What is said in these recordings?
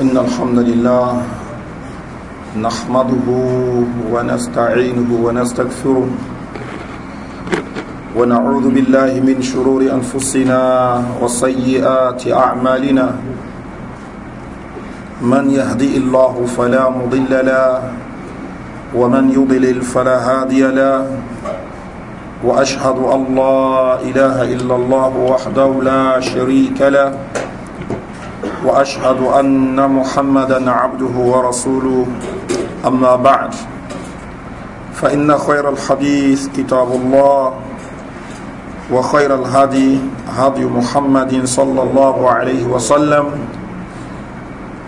إن الحمد لله نحمده ونستعينه ونستغفره ونعوذ بالله من شرور أنفسنا وسيئات أعمالنا من يهدي الله فلا مضل له ومن يضلل فلا هادي له وأشهد أن لا إله إلا الله وحده لا شريك له واشهد ان محمدا عبده ورسوله اما بعد فان خير الحديث كتاب الله وخير الهدي هدي محمد صلى الله عليه وسلم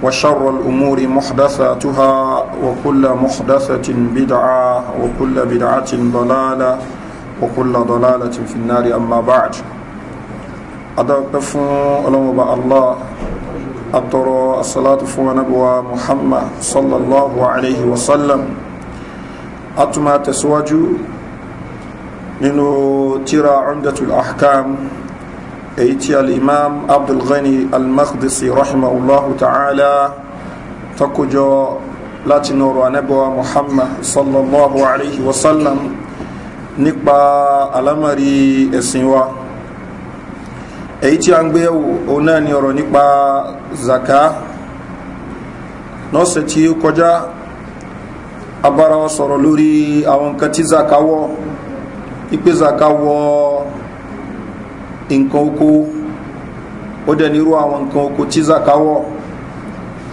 وشر الأمور محدثاتها وكل محدثة بدعة وكل بدعة ضلالة وكل ضلالة في النار أما بعد ادعو الله atọrọ asalatu fún anabuwa muhammad sallallahu alayhi wa sallam a tún máa tẹ̀síwájú nínú tíra umdatul ahkam èyí tí al-imam abdulghani al-makhdisi rahimahullahu ta'ala takojọ láti nọrọ anabuwa muhammad sallallahu alayhi wa sallam nípa alamari ẹ̀sìn wa èyí tí a ń gbé òun náà ni ọ̀rọ̀ nípa zaka lọ́sẹ̀ tí ó kọjá abára wa sọ̀rọ̀ lórí àwọn nǹkan tí zaka wọ́ ipe zaka wọ nǹkan oko ó dẹ̀ nírú àwọn nǹkan oko tí zaka wọ́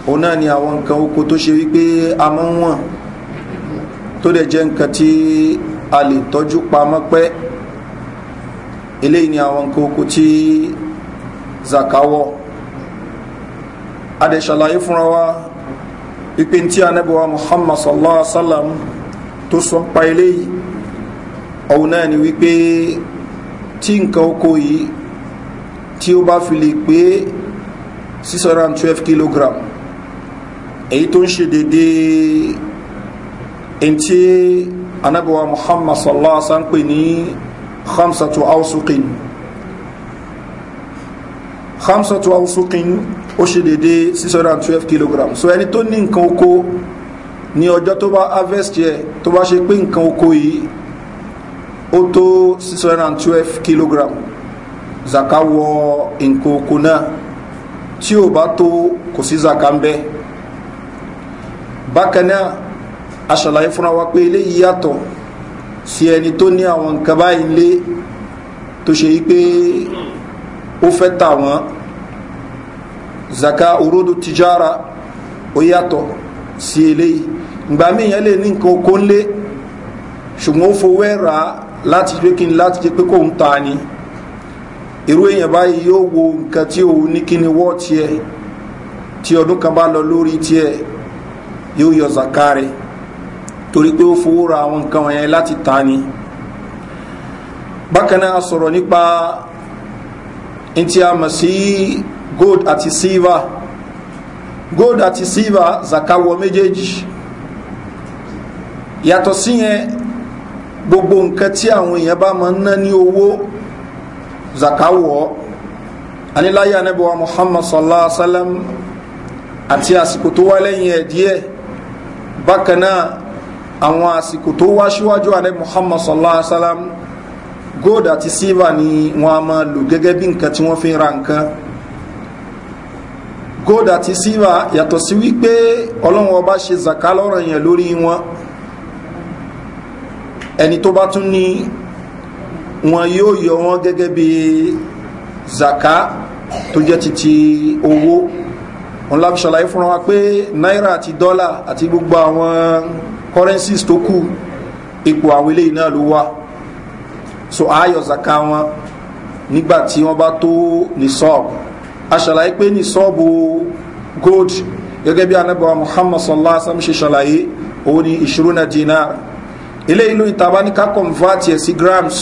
òun náà ni àwọn nǹkan oko tó ṣe wípé a máa ń wọ̀n tó dẹ̀ jẹ́ nǹkan tí a lè tọ́jú pamọ́ pẹ́ eléyìí ni àwọn nǹkan oko tí zakawọ́ adẹ̀ṣàlàyé fúnra wa ipe tí anábọ̀wá muhammad sallallahu alaihi wasallam sallam tó sọ pa eléyìí ọ̀hún náà ni wípé tí nǹkan oko yìí tí ó bá fi lè pé 612 kg èyí tó ń ṣe dédé ẹni tí anábọ̀wá muhammad sallallahu alaihi wasallam sallam pè ní khamsatu awsuqin khamsatu awsuqin ó ṣe dédé six hundred and twelve kilograms so ẹni tó ní nǹkan oko ní ọjọ́ tó bá harvest yẹ tó bá ṣe pé nǹkan oko yìí ó tó six hundred and twelve kilograms zaka wọ nǹkan oko náà tí ò bá tó kò sí zaka si ẹni tó ní àwọn nǹkan báyìí lé tó ṣe yí pé ó fẹ́ tà wọ́n zaka orodo tijara ó yàtọ̀ sí eléyìí ìgbà míì yẹn lè ní nǹkan oko ńlé ṣùgbọ́n ó fowó ẹ̀ láti pé kí ni láti jẹ́ pé kò ń ta ni irú èèyàn báyìí yóò wo nǹkan tí òun ní kí ni wọ́ tiẹ̀ tí ọdún kan bá lọ lórí tiẹ̀ yóò yọ zaka rẹ̀ torí pé ó fowó ra àwọn nǹkan wọ̀nyẹn láti ta ni bákan náà sọ̀rọ̀ nípa ntí a mọ̀ sí gold àti silver gold àti silver zakawọ méjèèjì yàtọ̀ síyẹn gbogbo nǹkan tí àwọn èèyàn bá máa ń ná ní owó zakawọ aniláyé anábíwá muhammad sallallahu alaihi wa sallam àti àsìkò tó wá lẹ́yìn ẹ̀ díẹ̀ bákan náà àwọn àsìkò tó wá síwájú ààrẹ muhammad sallallahu alaihi wa sallam gold àti silver ni wọ́n a máa lò gẹ́gẹ́ bí nǹkan tí wọ́n fi ra nǹkan gold àti silver yàtọ̀ sí wípé ọlọ́run ọba ṣe zaka lọ́rọ̀ yẹn lórí wọn ẹni tó bá tún ní wọn yóò yọ wọn gẹ́gẹ́ bí zaka tó jẹ́ titi owó wọn láfi ṣàlàyé fúnra wa pé náírà àti dọ́là àti gbogbo àwọn currencies tó kù ipò àwọn eléyìí náà ló wà so ayọ̀ zaka wọn nígbà tí wọ́n bá tó ní sọ́ọ̀bù aṣàlàyé pé ní sọ́ọ̀bù gold gẹ́gẹ́ bí anábọ̀ muhammad sallallahu alaihi wasallam ṣe ṣàlàyé òun ni ìṣirúnà dinar ilé ìlú ìtaba ní ká convert yẹ sí grams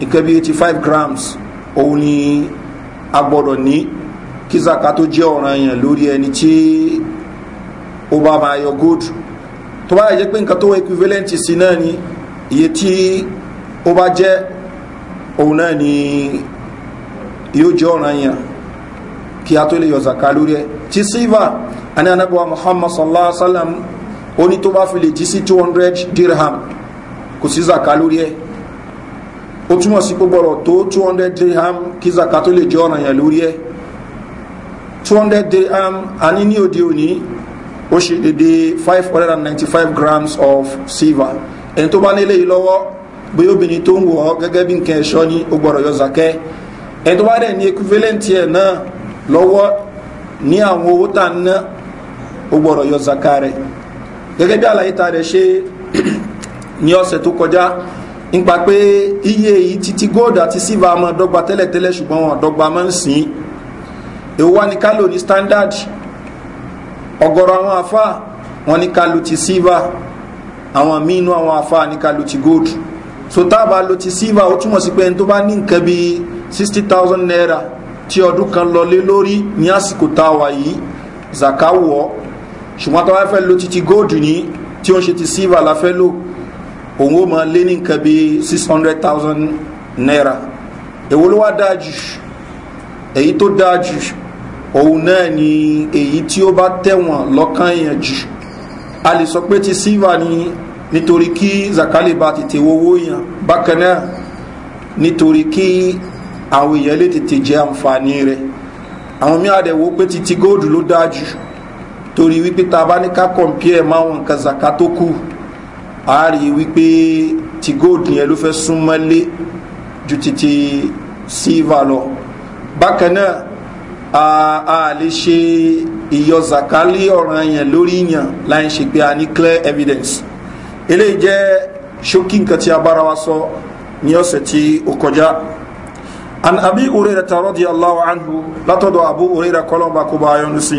nǹkan bí five grams òun ni a gbọ́dọ̀ ní kí zaka tó jẹ́ ọ̀ràn yẹn lórí ẹni tí ó bá máa yọ gold tó bá jẹ́ pé nǹkan tó equivalent sí náà ni iye tí ó bá jẹ́ òun náà ni yóò jẹ́ ọ̀ràn yẹn kí a tó lè yọ zaka lórí ẹ̀ ti silver àní anábọ̀ muhammad sallallahu alaihi wa sallam ó ní tó bá fi lè jí two hundred dirham kò sí zaka lórí ẹ̀ ó túmọ̀ sí gbọ́gbọ́rọ̀ tó 200 dirham kí zaka tó lè jẹ́ ọ̀ràn yẹn lórí ẹ̀ 200 dirham a ní ní òde òní ó ṣe dédé five hundred and ninety five grams of silver ẹni tó bá nílé yìí lọ́wọ́ bóyá obìnrin tó ń wọ̀ ọ́ gẹ́gẹ́ bí nǹkan ẹ̀ṣọ́ ni ó gbọ́dọ̀ yọ zakẹ́ ẹni tó bá dẹ̀ ní equivalent ẹ̀ náà lọ́wọ́ ní àwọn owó tá a ná ó gbọ́dọ̀ yọ zakẹ́ rẹ̀ gẹ́gẹ́ bí àlàyé ta rẹ̀ ṣe ní ọ̀sẹ̀ tó kọjá nípa pé iye yìí títí gold àti silver máa dọ́gba tẹ́lẹ̀tẹ́lẹ̀ ṣùgbọ́n wọn dọ́gba máa ń sìn èwo wá ní kálò ní standard ọ̀gọ̀rọ̀ àwọn afa wọn ní ká lu ti silver àwọn míì inú àwọn afa ní ká lu ti gold so tá a bá lu ti silver ó túmọ̀ sí pé ẹni tó bá ní nǹkan bíi sixty thousand naira tí ọdún kan lọ lé lórí ní àsìkò tá a wà yìí zaka wọ̀ ṣùgbọ́n tó bá fẹ́ lo titi gold ní tí ó ń ṣe ti silver la fẹ́ lò òun ó máa lé ní nǹkan bíi six hundred thousand naira èwo ló wá dáa jù èyí tó dáa jù òun náà ni èyí tí ó bá tẹ̀wọ̀n lọ́kàn èèyàn jù a lè sọ pé ti silva ni nítorí kí zakale bá tètè wowó èèyàn bákan náà nítorí kí àwọn èèyàn lè tètè jẹ àǹfààní rẹ̀ àwọn mí àdẹ̀wò pé ti ti góòdù ló dáa jù torí wípé ta bá ní ká kọ̀m̀pìẹ̀ máwọn nǹkan zaka tó kù a rí wípé ti góòdù yẹn ló fẹ́ súnmọ́lé ju ti ti silva lọ bákan náà a lè ṣe ìyọ zakali ọ̀ràn yẹn lórí yàn láì ṣe pé a ní clear evidence eléyìí jẹ́ ṣókí nǹkan tí a bára wa sọ ní ọ̀sẹ̀ tí ó kọjá an abi urera tarodi allahu anhu látọ̀dọ̀ abu urera kọlọ́mbà kó bá yọnu sí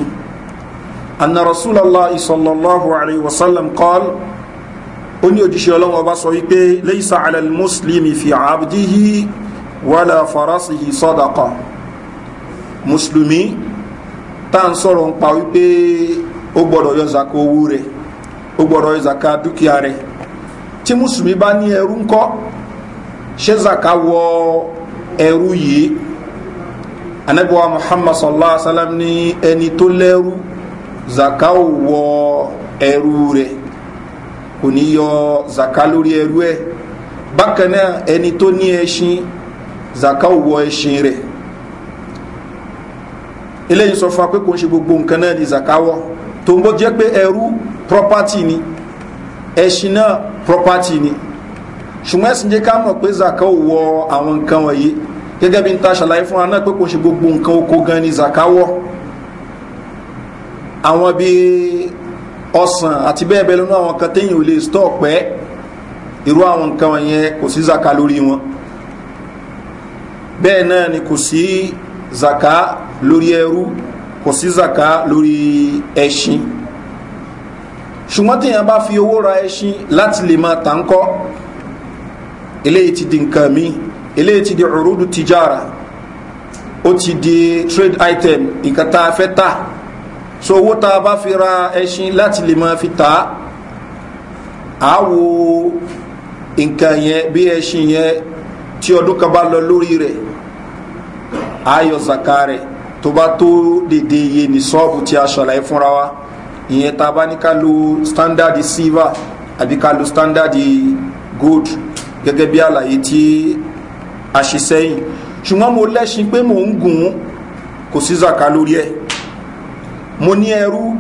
anna rasulallah sallallahu alayhi wa sallam kọ́l ó ní òjíṣẹ́ ọlọ́wọ́ bá sọ wípé leysa alal fi abdihi wala farasihi sadaqa mùsùlùmí tá à ń sọ̀rọ̀ ń pa wípé ó gbọ́dọ̀ yọ zaka owó rẹ̀ ó gbọ́dọ̀ yọ zaka dúkìá rẹ̀ tí mùsùlùmí bá ní ẹrú ṣé zaka wọ ẹrú yìí wa sallam ní ẹni tó lẹ́rú zaka ò wọ ẹrú rẹ̀ kò ní yọ zaka lórí ẹrú ẹ̀ bákan náà ẹni tó eléyìí sọ fún wa pé ṣe gbogbo nǹkan náà ní zakawọ tó ń bọ́ jẹ́ pé ẹrú property ni ẹṣin náà property ni ṣùgbọ́n ẹ̀sìn jẹ́ ká mọ̀ pé zaka ò wọ àwọn nǹkan wọ̀nyí gẹ́gẹ́ bí n ta ṣàlàyé fún wa náà pé kò ń ṣe gbogbo nǹkan oko gan ni zaka wọ̀ àwọn bíi ọsàn àti bẹ́ẹ̀ bẹ́ẹ̀ lọ́nà àwọn kan téyìn ò lè stọ́ pẹ́ irú àwọn nǹkan wọ̀nyẹn kò sí zaka lórí wọn bẹ́ẹ̀ náà ni kò sí zaka lórí ẹrú kò sí zaka lórí ẹṣin ṣùgbọ́n téèyàn bá fi owó ra ẹṣin láti lè máa tà ń kọ́ eléyìí ti di nǹkan mi eléyìí ti di urudu tijara ó ti di trade item nǹkan tá a fẹ́ tà so owó tá a bá fi ra ẹṣin láti lè máa fi tà á wo nǹkan yẹn bí ẹṣin yẹn tí ọdún kan bá lọ lórí rẹ̀ ayo zakare tó bá tó dédé ni ní sọ́ọ̀bù tí a ṣàlàyé wa ìyẹn tá a bá ní ká lo standard silver àbí ká lo standard gold gẹ́gẹ́ bí àlàyé tí a ṣe sẹ́yìn ṣùgbọ́n mo lẹ́ṣin pé mò ń gùn ún kò sí zaka lórí ẹ̀ mo ní ẹrú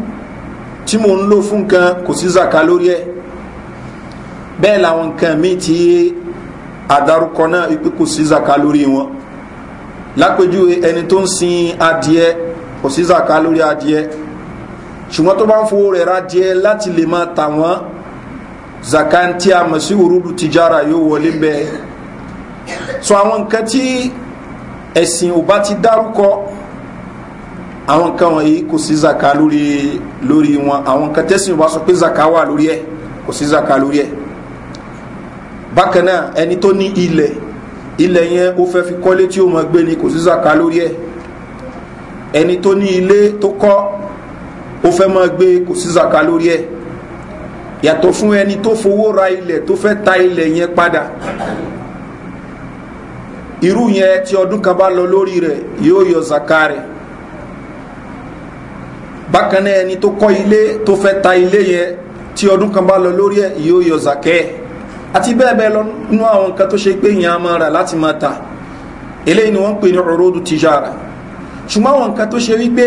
tí mò ń lò fún nǹkan kò sí zaka lórí ẹ̀ bẹ́ẹ̀ làwọn nǹkan míì tí àdárúkọ náà wípé kò sí zaka lórí wọn lápèjúwe ẹni tó ń sin adìẹ kò sí zaka lórí adìẹ ṣùgbọ́n tó bá ń fowó rẹ̀ radìẹ láti lè máa tà wọ́n zaka ń tí a mọ̀ sí òrùdù tìjára yóò wọlé bẹ́ẹ̀ so àwọn nǹkan tí ẹ̀sìn ò bá ti dárúkọ àwọn nǹkan wọ̀nyí kò sí zaka lórí lórí wọn àwọn nǹkan tẹ́sìn ò bá sọ pé zaka wà lórí ẹ̀ kò sí zaka lórí ẹ̀ bákan náà ẹni tó ní ilẹ̀ ilẹ̀ yẹn ó fẹ́ fi kọ́lé tí ó mọ gbé ni kò sí zaka lórí ẹ̀ ẹni tó ní ilé tó kọ́ ó fẹ́ mọ gbé kò sí zaka lórí ẹ̀ yàtọ̀ fún ẹni tó fowó ra ilẹ̀ tó fẹ́ ta ilẹ̀ yẹn padà irú yẹn tí ọdún kan bá lọ lórí rẹ̀ yóò yọ zaka rẹ̀ bákan náà ẹni tó kọ́ ilé tó fẹ́ ta ilé yẹn tí ọdún kan bá lọ lórí ẹ̀ yóò yọ zaka ẹ̀ àti bẹ́ẹ̀ bẹ́ẹ̀ lọ nú àwọn nǹkan tó ṣe pé èèyàn máa rà láti máa ta eléyìí ni wọ́n ń pè ní ọ̀rọ̀dù tìjára ṣùgbọ́n àwọn nǹkan tó ṣe wípé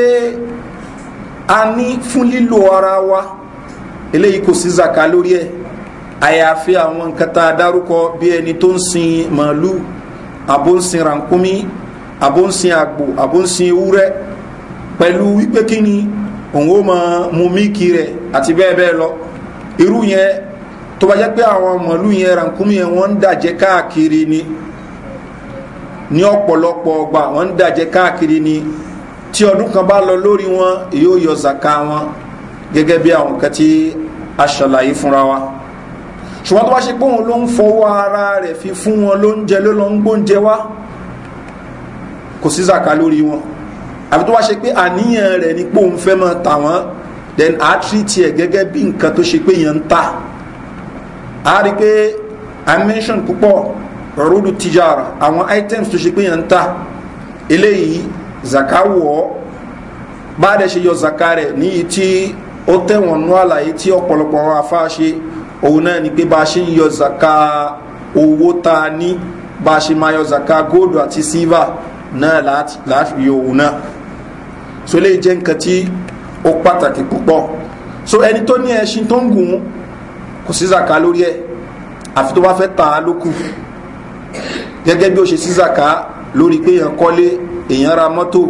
a ní fún lílo ara wa eléyìí kò sí zaka lórí ẹ̀ àyàfi àwọn nǹkan tá a dárúkọ bí ẹni tó ń sin màálù àbó ń sin rànkúmí àbó àgbò àbó ewúrẹ́ pẹ̀lú wípé kí ni òun ó máa mu míìkì rẹ̀ àti bẹ́ẹ̀ bẹ́ẹ̀ lọ irú yẹn tó bá jẹ́ pé àwọn mọ̀lú yẹn rankumi yẹn wọ́n ń dàjẹ́ káàkiri ni ní ọ̀pọ̀lọpọ̀ ọgbà wọ́n ń dàjẹ́ káàkiri ni tí ọdún kan bá lọ lórí wọn yóò yọ zaka wọn gẹ́gẹ́ bí àwọn kan tí a ṣàlàyé fúnra wa ṣùgbọ́n tó bá ṣe pé òun ló ń fọwọ́ ara rẹ̀ fi fún wọn ló ń jẹ ló lọ ń gbóúnjẹ wá kò sí zaka lórí wọn àbí tó bá ṣe pé àníyàn rẹ̀ ni pé òun fẹ́ máa tà wọ́n then a treat ẹ̀ gẹ́gẹ́ bí nǹkan tó ṣe pé yẹn ń ta a rí pé i mention púpọ̀ rúdù tijara àwọn items tó ṣe pé yàn ń ta eléyìí zaka wọ̀ bá a dẹ̀ ṣe yọ zaka rẹ̀ níyì tí ó tẹ̀wọ̀n nú àlàyé tí ọ̀pọ̀lọpọ̀ àwọn afá ṣe òun ni pé bá a ṣe zaka owó ta ní bá a ṣe máa zaka góòlù àti sílvà na lat lat òun náà so eléyìí jẹ́ nǹkan tí ó pàtàkì púpọ̀ so ẹni tó ní ẹṣin tó ń kò sí zaka lórí ẹ̀ àfi tó bá fẹ́ tà á lókù gẹ́gẹ́ bí ó ṣe sí zaka lórí pé èèyàn kọ́lé èèyàn ra mọ́tò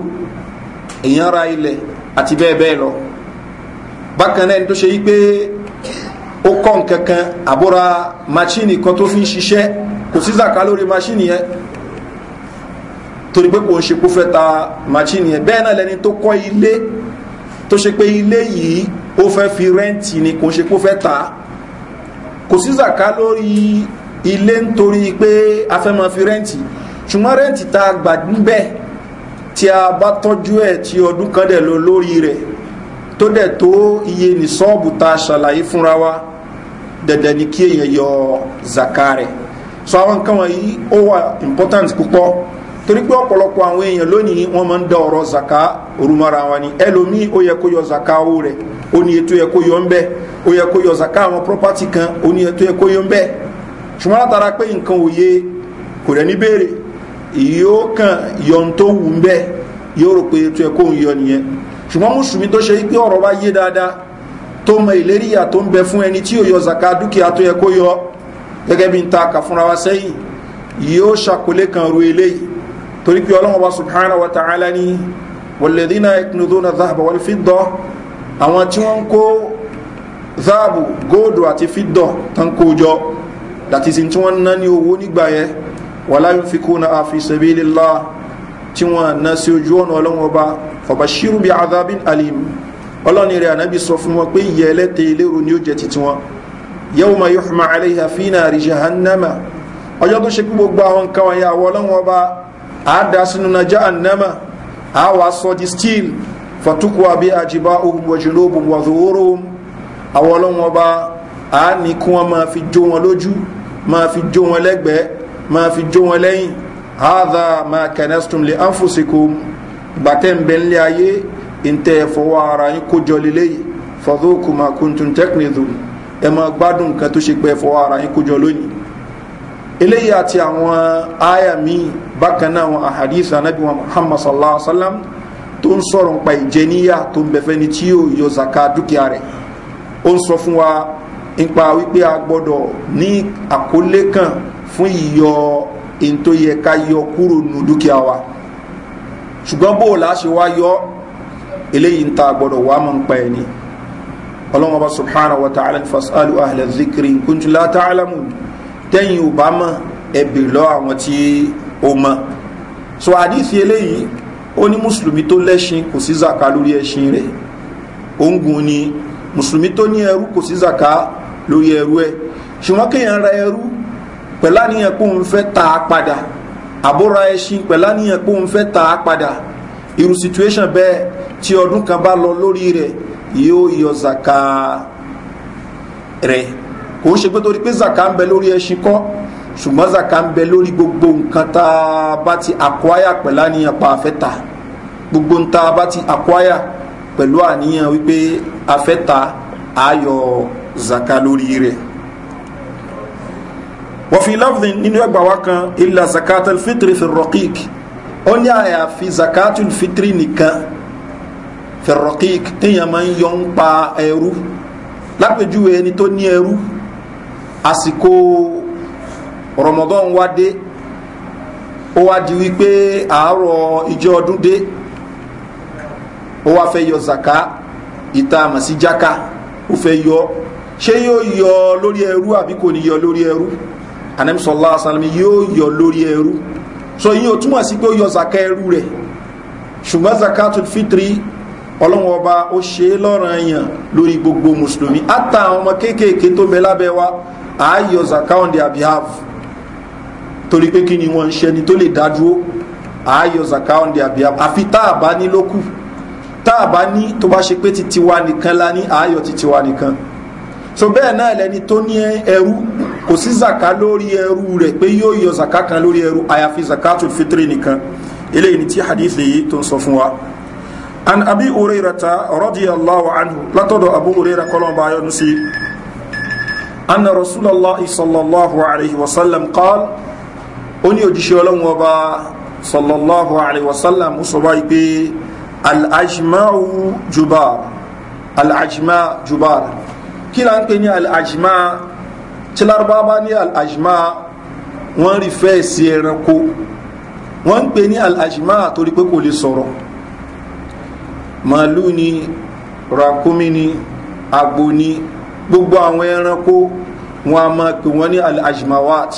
èèyàn ra ilẹ̀ àti bẹ́ẹ̀ bẹ́ẹ̀ lọ bákan náà ẹni tó ṣe yí pé ó kọ́ nǹkan kan àbúra machine kan tó fi ń ṣiṣẹ́ kò sí zaka lórí machine yẹn torí pé kò ń ṣe kó fẹ́ ta machine yẹn bẹ́ẹ̀ náà lẹni tó kọ́ ilé tó ṣe pé ilé yìí ó fẹ́ fi rẹ́ǹtì ni kò ń ṣe kó fẹ́ ta á kò sí zaka lórí ilé nítorí pé a fẹ́ máa fi rẹ́ǹtì ṣùgbọ́n rẹ́ǹtì tá a gbà níbẹ̀ tí a bá tọ́jú ẹ̀ tí ọdún kan dẹ̀ lọ lórí rẹ̀ tó dẹ̀ tó iye ní sọ́ọ̀bù tá ṣàlàyé fúnra wa dẹ̀dẹ̀ ni kí èèyàn yọ zaka rẹ̀ so àwọn nǹkan wọ̀nyí ó wà important púpọ̀ torí pé ọ̀pọ̀lọpọ̀ àwọn èèyàn lónìí wọ́n máa ń da ọ̀rọ̀ zaka orúmọ́ra wọn ni ẹlòmíì ó yẹ kó yọ zaka owó rẹ̀ ó ní ètò yẹ kó yọ ń zaka àwọn property kan ó ní ètò yẹ kó yọ ń bẹ́ ṣùgbọ́n látara pé nǹkan òye kò rẹ̀ ní béèrè yóò kàn yọ ń tó wù ń yóò rò pé ètò yẹ yọ nìyẹn ṣùgbọ́n mùsùlùmí tó ṣe kan ru eléyìí torí pé ọlọ́wọ́n bá subhanahu wa ta'ala ní wàlẹ́dínà ìpínlẹ̀dọ́nà záàbà wọlé fi dọ́ àwọn tí wọ́n ń kó záàbù góòdù àti fi dọ̀ tán kó jọ dàtí sí tí wọ́n ná ní owó nígbà yẹn wà láyún fi kó na àfi sẹ́bí lílá tí wọ́n ná sí ojú ọ̀nà ọlọ́wọ́n bá fọ̀bà ṣírù bí adábín alim ọlọ́ni rẹ̀ ànábì sọ fún wọn pé ìyẹ́ ẹlẹ́tẹ̀ ilérò ni ó jẹ́ titi wọn yẹ́wò máa yóò fún ma àlẹ́ ìhàfínà àríṣẹ́ hannama ọjọ́ tó ṣe gbogbo àwọn nǹkan wọ̀nyí àwọn ọlọ́wọ́n bá a da sínú na jahannama a wà sọ di steel fatukuwa bí ajibá ohun wàjúlò ohun wàzúwòrò àwọn ọlọ́wọ́n bá a ní kí wọ́n máa fi jó wọn lójú máa fi jó wọn lẹ́gbẹ̀ẹ́ máa fi jó wọn lẹ́yìn hadha ma kanastum li anfusikum gbàtẹ́ ń bẹ nílé ayé ìntẹ́ fọwọ́ ara yín kójọ lélẹ́yìí fadhuku ma kuntum taknizun ẹ máa gbádùn nǹkan tó ṣe pé fọwọ́ ara yín kójọ lónìí eléyìí àti àwọn àyà míì bákan náà àwọn àhàdíìsì anábì wa muhammad sallallahu alaihi wa sallam tó ń sọ̀rọ̀ nípa ìjẹníyà tó ń bẹ̀fẹ́ ni tí yóò yọ zaka dúkìá rẹ̀ ó ń sọ fún wa nípa wípé a gbọ́dọ̀ ní àkólé kan fún ìyọ ètò yẹ ká yọ kúrò nù dúkìá wa ṣùgbọ́n bó o là á ṣe wá ta gbọ́dọ̀ wá mọ̀ nípa ẹ̀ ni ọlọ́wọ́n bá subhanahu wa ta'ala fasalu ahlẹ̀ zikiri kuntu la ta'alamu. Ta tẹ́yìn ò bá mọ̀ ẹ̀bì lọ àwọn tí ó mọ̀ so àdífi eléyìí ó ní mùsùlùmí tó lẹ́ṣin kò sí zaka lórí ẹṣin rẹ̀ òǹgùn ni mùsùlùmí tó ní ẹrú kò sí zaka lórí ẹrú ẹ ṣùgbọ́n kéèyàn ra ẹrú pẹ̀lá níyàn pé òun fẹ́ ta á padà àbúra ẹṣin pẹ̀lá níyàn pé òun fẹ́ ta á padà irú situation bẹ́ẹ̀ tí ọdún kan bá lọ lórí rẹ̀ yóò yọ zaka rẹ̀ kò ń ṣe pé torí pé zaka ń bẹ lórí ẹṣin kọ́ ṣùgbọ́n zaka ń bẹ lórí gbogbo nǹkan tá a bá ti acquire pẹ̀lú àníyàn pa àfẹ́ta gbogbo nǹkan tá a bá ti acquire pẹ̀lú àníyàn wípé àfẹ́ta ayọ̀ zaka lórí rẹ̀ wọ́n fi nínú ẹgbà wa kan illa zakatul fitri fi ó ní àyàfi zakatul fitri nìkan fi téèyàn máa ń yọ ń pa ẹrú lápèjúwe ẹni tó ní ẹrú Asiko rọmọdán wa de, ó wá di wípé àárọ̀ ìjọ ọdún dé ó wá fẹ́ yọ zaka ìta àmọ̀ sí jáka ó fẹ́ yọ ṣé yóò yọ lórí ẹrú àbí kò ní yọ lórí ẹrú anamisọlá asalami yóò yọ lórí ẹrú so yín o túmọ̀ sí pé ó yọ zaka ẹrú rẹ̀ ṣùgbọ́n zakatul fitri ọlọ́wọ́n ọba ó ṣe é lọ́ràn yàn lórí gbogbo mùsùlùmí àtàwọn ọmọ kéékèèké tó mẹ́ lábẹ́ wa a yọ zaka on their behalf torí pé kí ni wọ́n ń ṣe ni tó lè dá dúró a yọ zaka on their behalf àfi tá a bá ní ló kù tá a bá ní tó bá ṣe pé ti tiwa nìkan la ní a yọ ti tiwa nìkan so bẹ́ẹ̀ náà lẹni tó ní ẹrú kò sí zaka lórí ẹrú rẹ̀ pé yóò yọ zaka kan lórí ẹrú àyàfi zaka tó fitiri nìkan eléyìí ni tí hadith yìí tó ń sọ fún wa an abi ureirata radiyallahu anhu látọ̀dọ̀ abu ureira kọlọ́mbà ayọ́nu nusi anna rasulallah sallallahu alayhi wa sallam qaal ó ní òjíṣẹ́ ọlọ́run ọba sallallahu alayhi wa sallam ó sọ báyìí pé al-ajma'u jubar al-ajma jubar kí la ń pè ní al-ajma tí lárúbáwá ní al-ajma wọ́n rí fẹ́ sí ẹranko wọ́n ń pè ní al-ajma torí pé kò lè sọ̀rọ̀ màálù ni ràkúmi ni agbo ni gbogbo àwọn ẹranko wọn a máa pè wọ́n ní al-ajmawat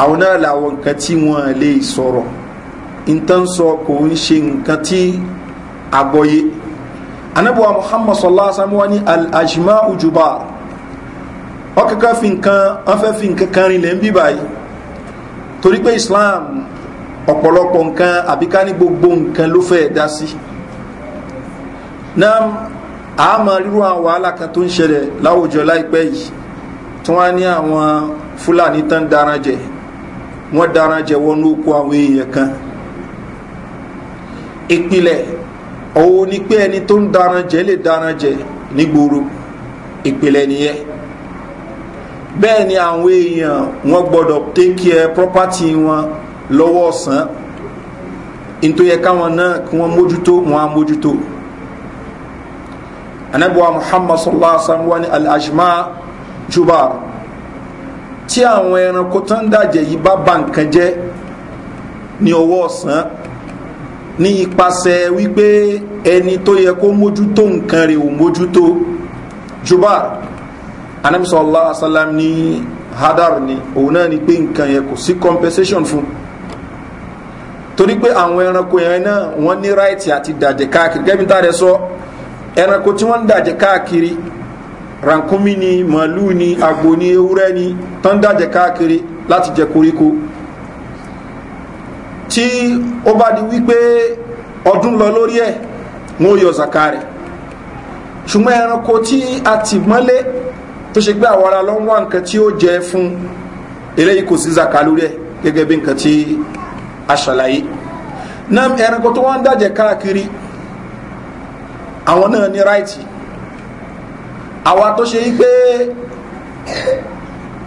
àwọn náà làwọn nǹkan tí wọ́n lè sọ̀rọ̀ nǹkan sọ kò ń ṣe nǹkan tí àgbọ́yé anabuwa muhammad sallallahu alaihi wasallam wani al-ajma ujuba wọ́n kankan fi nǹkan wọ́n fẹ́ fi nǹkan kan rinlẹ̀ ń bí báyìí torí pé islam ọ̀pọ̀lọpọ̀ nǹkan àbíká ní gbogbo nǹkan ló fẹ́ dá sí náà a mọ rírú àwọn wàhálà kan tó ń ṣẹlẹ̀ láwùjọ láìpẹ́ yìí tí wọ́n ní àwọn fúlàní tán dáran jẹ wọ́n dáran jẹ wọnú oko àwọn èèyàn kan ìpìlẹ̀ òun ni pé ẹni tó ń dáran jẹ lè dáran jẹ nígboro ìpìlẹ̀ nìyẹn bẹ́ẹ̀ ni àwọn èèyàn wọ́n gbọ́dọ̀ take care property wọn lọ́wọ́ ọ̀sán nítorí ẹ̀ka wọn náà kí wọ́n mójútó wọn á mójútó anabiwa muhammad sallallahu alaihi wa wani alajma ajma jubar tí àwọn ẹranko tó ń dàjẹ́ yìí bá ba nǹkan jẹ́ ní ọwọ́ ọ̀sán ní ipasẹ̀ wípé ẹni tó yẹ kó mójútó nǹkan rẹ̀ ò mójútó jubar anabi sallallahu alaihi wa sallam ní hadar ni òun náà ni pé nǹkan yẹn kò sí compensation fún un torí pé àwọn ẹranko yẹn náà wọ́n ní ráìtì àti dàjẹ́ káàkiri gẹ́bí tá a sọ. So, ẹranko tí wọn ń dàjẹ́ káàkiri rànkúnmí ni màálù ni àgbò ni ewúrẹ́ ni tó ń dàjẹ́ káàkiri láti jẹ koríko tí ó bá di wípé ọdún lọ lórí ẹ̀ wọn ò yọ zaka rẹ̀ ṣùgbọ́n ẹranko tí a ti mọ́lé tó ṣe pé àwọn ara lọ ń wá nǹkan tí ó jẹ fún eléyìí kò sí zaka lórí ẹ̀ gẹ́gẹ́ bí nǹkan tí a ṣàlàyé náà ẹranko tó wọ́n ń káàkiri àwọn náà ní ráìtì àwa tó ṣe gbé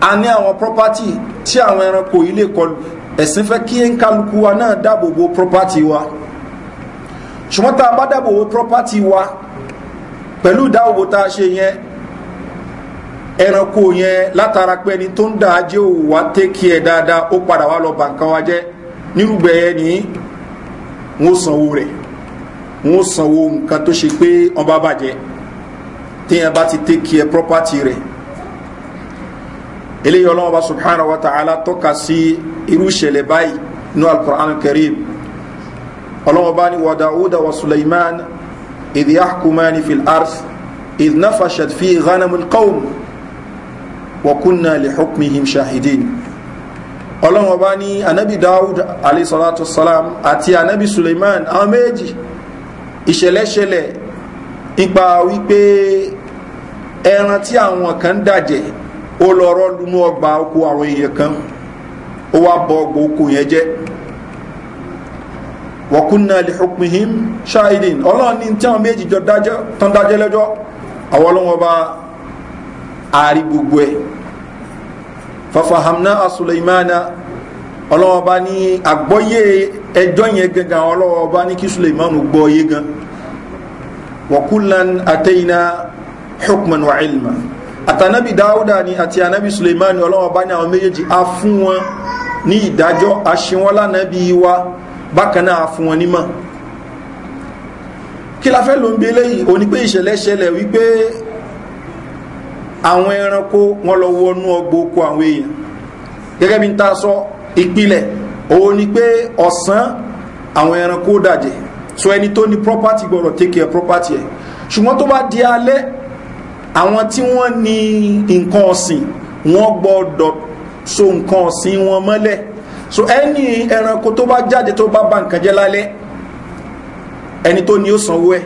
a ní àwọn property tí àwọn ẹranko yìí lè kọlù ẹ̀sìn fẹ́ kí ń kálukú wa náà dáàbò bo property wa ṣùgbọ́n tá a bá dáàbò bo property wa pẹ̀lú ìdáàbò tá a ṣe yẹn ẹranko yẹn látara pé ẹni tó ń dà á jẹ́ òwò wa tẹ́kì ẹ̀ dáadáa ó padà wá lọ bà nǹkan wa jẹ́ nírúgbẹ̀ẹ́ ni wọ́n sanwó rẹ̀ wọn sanwó nǹkan tó ṣe pé ọba bàjẹ́ téèyàn bá ti take care property rẹ̀ eléyìí ọlọ́wọ́ bá subhanahu wa ta'ala tọ́ka sí irú ìṣẹ̀lẹ̀ báyìí ní alukur'an kareem ọlọ́wọ́ bá ní wàdàúdà wa suleiman ìdí ahkumani fil ars ìdí nafashat fi ghanamul qawm wa kunna li hukmihim shahidin ọlọ́wọ́ bá ní anabi dawud alayhi salatu salam àti anabi suleiman àwọn méjì ìṣẹ̀lẹ̀ṣẹlẹ̀ ipa wípé ẹran tí àwọn kan ń dàjẹ́ ó lọ rọ́lùnú ọgbà oko àwọn èèyàn kan ó wá bọ ọgbà oko yẹn jẹ́ wọ̀kúnnà lè ṣáìdìn ọlọ́run tí àwọn méjì jọ tán dájẹ́ lẹ́jọ́ àwọn ọlọ́wọ́ bá àárí gbogbo ẹ̀ fafahamna asuleimana ọlọ́wọ́ bá ní àgbọ́yé ẹjọ́ yẹn gangan ọlọ́wọ́ bá ní kí suleimanu gbọ́yé gan wakulan ateyina hukman wa ilma àtànábì dáúdà ni àti ànábì suleimanu ọlọ́wọ́ bá ní àwọn méjèèjì a fún wọn ní ìdájọ́ aṣíwọ́lá nábì wa bákan náà a fún wọn nímọ̀ kí la fẹ́ ló ń bi eléyìí òní pé ìṣẹ̀lẹ̀ ṣẹlẹ̀ wípé àwọn ẹranko wọn lọ wọnú ọgbó oko àwọn èèyàn gẹ́gẹ́ bí n ta sọ ìpìlẹ̀ òun ni pé ọ̀sán àwọn ẹranko dàjẹ́ so ẹni tó ní property gbọ́dọ̀ take care property ẹ̀ ṣùgbọ́n tó bá di alẹ́ àwọn tí wọ́n ní nǹkan ọ̀sìn wọ́n gbọ́dọ̀ so nǹkan ọ̀sìn wọn mọ́lẹ̀ so ẹni ẹranko tó bá jáde tó bá ba nǹkan jẹ́ lálẹ́ ẹni tó ní yóò sanwó ẹ̀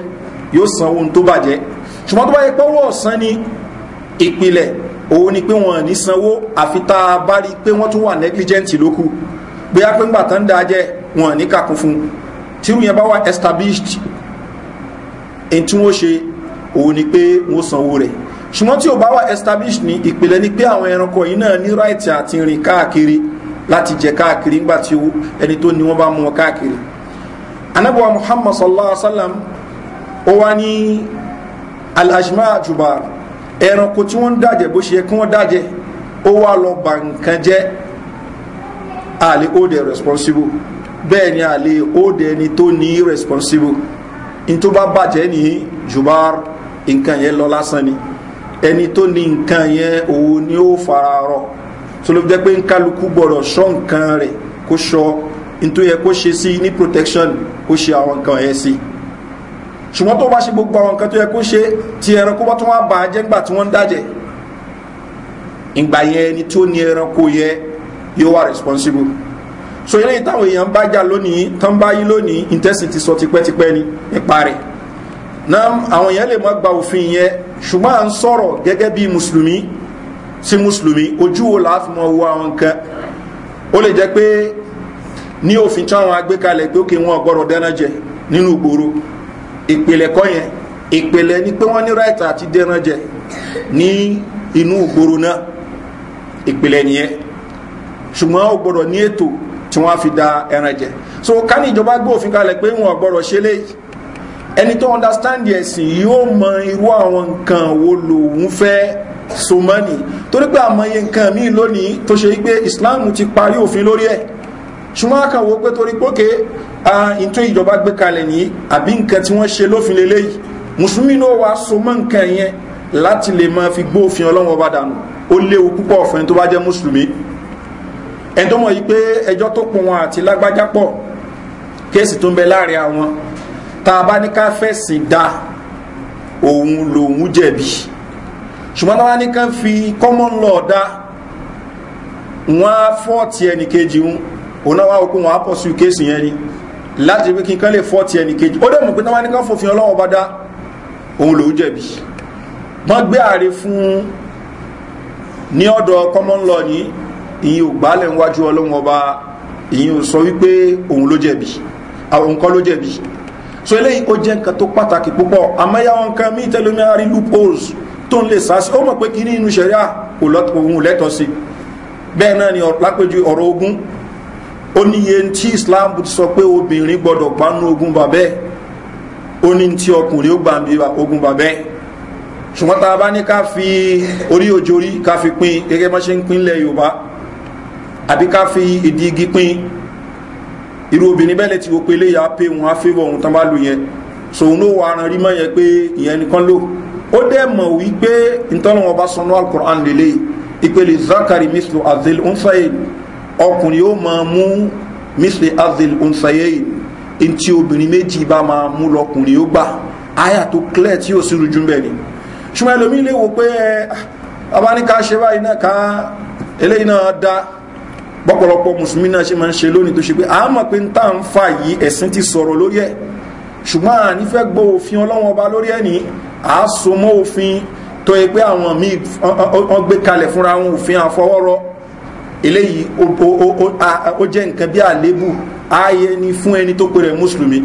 yóò sanwó ohun tó bàjẹ́ ṣùgbọ́n tó bá yẹ pé owó ọ̀sán ni ìpìlẹ̀ òun ni pé wọn ní sanwó àfi tá a bá rí i pé wọ́n tún wà negligent lókù bóyá pé ńgbà tán dáa jẹ́ wọn ní kakùn fún tírú yẹn bá wà established èyí tí wọ́n ṣe òun ni pé wọ́n sanwó rẹ̀ ṣùgbọ́n tí ò bá wà established ní ìpìlẹ̀ ni pé àwọn ẹranko yìí náà ní right àti rìn káàkiri láti jẹ káàkiri ńgbà tí ẹni tó ní wọ́n bá mú wọn káàkiri anabuwa muhammad sallallahu alaihi wa sallam ó wá ní alhajjma jubar ẹranko tí wọ́n ń dàjẹ́ bó ṣe yẹ kí wọ́n dàjẹ́ ó wá lọ bà nǹkan jẹ́ àlè ó responsible bẹ́ẹ̀ ni àlè ó ni tó ní responsible ní tó bá bàjẹ́ ní jubar nǹkan yẹn lọ lásán ni ẹni tó ní nǹkan yẹn òun ni ó fara rọ tó ló jẹ́ pé nkálukú gbọ́dọ̀ ṣọ́ nǹkan rẹ̀ kó ṣọ́ ní tó yẹ kó ṣe sí ní protection kó ṣe àwọn nǹkan yẹn sí i ṣùgbọ́n tó bá ṣe gbogbo àwọn nǹkan tó yẹ kó ṣe ti ẹranko bá tún wá bà jẹ́ nígbà tí wọ́n ń dájẹ́ ìgbà yẹn ẹni tó ní ẹranko yẹ yóò wá responsible so eléyìí táwọn èèyàn bá jà lónìí tán bá yí lónìí intensity sọ tipẹ́tipẹ́ ni nípa rẹ̀ náà àwọn èèyàn lè má gba òfin yẹn ṣùgbọ́n à ń sọ̀rọ̀ gẹ́gẹ́ bí mùsùlùmí sí mùsùlùmí ojú wo la mọ wo àwọn nǹkan ó lè jẹ́ pé ní òfin tí àwọn agbékalẹ̀ pé ó wọn gbọ́dọ̀ dáná jẹ nínú ìgboro ìpìlẹ̀ kọ́ yẹn ìpìlẹ̀ ni pé wọ́n ní ráìtà àti dẹ́ran jẹ ní inú ìgboro náà ìpìlẹ̀ nìyẹn ṣùgbọ́n ó gbọ́dọ̀ ní ètò tí wọ́n á fi da ẹran jẹ so ká ní ìjọba gbé òfin kalẹ̀ pé wọn gbọ́dọ̀ ṣe léyìí ẹni tó understand ẹ̀sìn yóò mọ irú àwọn nǹkan wo lòun fẹ́ so mọ́nì torí pé àmọye nǹkan míì lónìí tó ṣe pé Islam ti parí òfin lórí ẹ̀ ṣùgbọ́n àkànwò pé torí pókè nítorí ìjọba gbé kalẹ̀ nìyí àbí nǹkan tí wọ́n ṣe lófin lélẹ́yìí mùsùlùmí náà wàá so mọ́ nǹkan yẹn láti lè máa fi gbó òfin ọlọ́run ọba dànù ó léwu púpọ̀ ọ̀fẹ́ tó bá jẹ́ mùsùlùmí ẹni tó mọ̀ yìí pé ẹjọ́ tó pọ̀ wọn àti lágbájá pọ̀ kéèsì tó ń bẹ láàrin àwọn tá a bá ní ká fẹ̀sìn da òun lòun jẹ̀bi ṣùgbọ́n tá a bá ní ká fi common law da wọ́n á fọ́ọ̀tì ẹnì kejì òun náà wá okun wọn á pọ̀ sí kéèsì yẹn ni láti rí kíkan lè fọ́ọ̀tì ẹnì kejì ó dẹ̀ mọ̀ pé táwọn ẹnìkan fòfin ọlọ́wọ́ bá dá òun lòún jẹ̀bi wọ́n gbé ààrẹ fún ní ọ̀dọ̀ common law ní ìyìn ògbálẹ̀ níwájú ọlọ́wọ́ ọba ìyìn ò sọ wípé òun ló jẹ̀bi òun kọ́ ló jẹ̀bi so eléyìí ó jẹ́ nǹkan tó pàtàkì púpọ̀ àmọ́yáwọn nǹkan mí tẹlómiárì loopholes tó ń lè sá sí ó mọ̀ pé kí ní inú sẹ̀ríà òun lẹ́tọ̀ọ́ sí bẹ́ẹ̀ náà ni lápẹ́jù ọ̀rọ̀ ogun ó níye tí islam sọ pé obìnrin gbọ́dọ̀ gbanú ogun bàbẹ́ ó ní tí ọkùnrin ó gbà bí ogun bàbẹ́ ṣùgbọ́n tá a bá ní ká fi orí òjòrí ká fi pin gẹ́gẹ́ bá ṣe ń pinlẹ̀ yorùbá àbí ká fi ìdí igi pin irú obìnrin bẹ́ẹ̀ lè ti wo pé ilé ya pé wọn á fẹ́bọ̀ ohun tán bá lu yẹn sòun ló wà aran rí mọ́ yẹn pé ìyẹn nìkan ló ó dẹ́ mọ̀ wípé ìtọ́nà wọn bá sọnú alukur'an lélẹ̀ ìpele zakari mislu azil ń yìí ọkùnrin yóò máa mú misle azil onsayeyi ntí obìnrin méjì bá máa mú lọkùnrin yóò gbà àyà tó clear tí yóò sì rújú bẹ́ẹ̀ ni ṣùgbọ́n ẹlòmíín lè wò pé ẹ eh, abáníká ah, ṣe báyìí náà ká eléyìí náà dá bọ́pọ̀lọpọ̀ mùsùlùmí náà ṣe máa ń ṣe lónìí tó ṣe pé àmọ́ pé ń ń fà yìí ẹ̀sìn ti sọ̀rọ̀ lórí ẹ̀ ṣùgbọ́n ànífẹ́ gbọ́ òfin ọlọ́wọ́n ọba lórí ẹ̀ní àásomọ́ òfin tó yẹ pé àwọn míì wọ́n fúnra òfin àfọwọ́rọ́ eléyìí ó jẹ́ nǹkan bí àlébù ààyè ni fún ẹni tó pèrè mùsùlùmí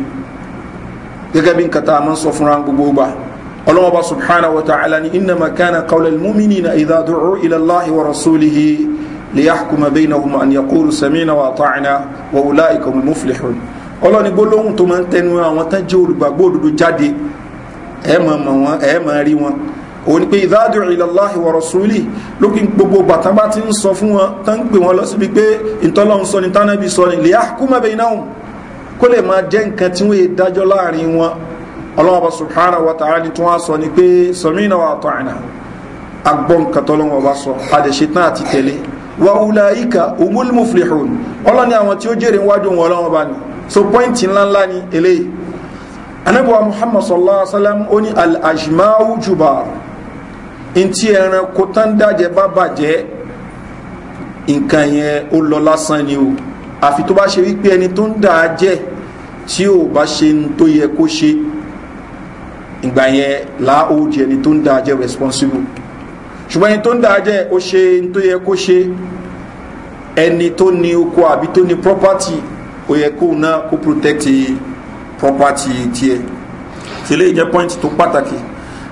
gẹ́gẹ́ bí nǹkan tá a máa ń sọ fúnra gbogbo gbà ọlọ́wọ́ bá subhanahu wa ta'ala ni inna ma kana qawla al-mu'minina idha du'u ila allahi wa rasulihi liyahkuma baynahum an yaqulu sami'na wa ata'na wa ulaika hum muflihun ọlọ́ni gbólóhùn tó máa ń tẹnu àwọn tán jẹ́ olùgbàgbọ́ òdodo jáde ẹ̀ máa mọ̀ wọ́n ẹ̀ máa rí wọn òun ni pé ìdádù ìlàláhì wà rọ̀súlì lókín gbogbo bàtán bá ti ń sọ fún wọn tán ń pè wọn lọ síbi pé ìtọ́lọ́ ń sọ ní tánàbí sọ ní lèyà kú mẹ́bẹ̀ ináhùn kó lè máa jẹ́ nǹkan tí wọ́n yé dájọ́ láàrin wọn ọlọ́wọ́ bá subhanahu wa ta'ala ni tí wọ́n sọ ni pé sọmínà wà tọ́ àná agbọ́n nǹkan tọ́lọ́wọ́ bá sọ adẹ̀ṣetán àti tẹ̀lé wa ulaika umul muflihun ọlọ́ni àwọn tí ó jèrè wájú wọn ọlọ́wọ́ bá ní so pọ́ìntì ńláńlá ni eléyìí anábọ̀wá muhammad sallallahu alaihi wa sallam ó al-ajma'u jubar ntí ẹranko tán dájẹ bá bàjẹ́ nǹkan yẹn ó lọ lásán ni o àfi tó bá ṣe wípé ẹni tó ń dà á jẹ tí ò bá ṣe ń tó yẹ kó ṣe ìgbà yẹn làá ó di ẹni tó ń dà á jẹ responsible ṣùgbọ́n ẹni tó ń dà á jẹ ó ṣe ń tó yẹ kó ṣe ẹni tó ní oko àbí tó ní property ó yẹ kó náà kó protect property tiẹ̀ tẹ́lẹ̀ jẹ́ point tó pàtàkì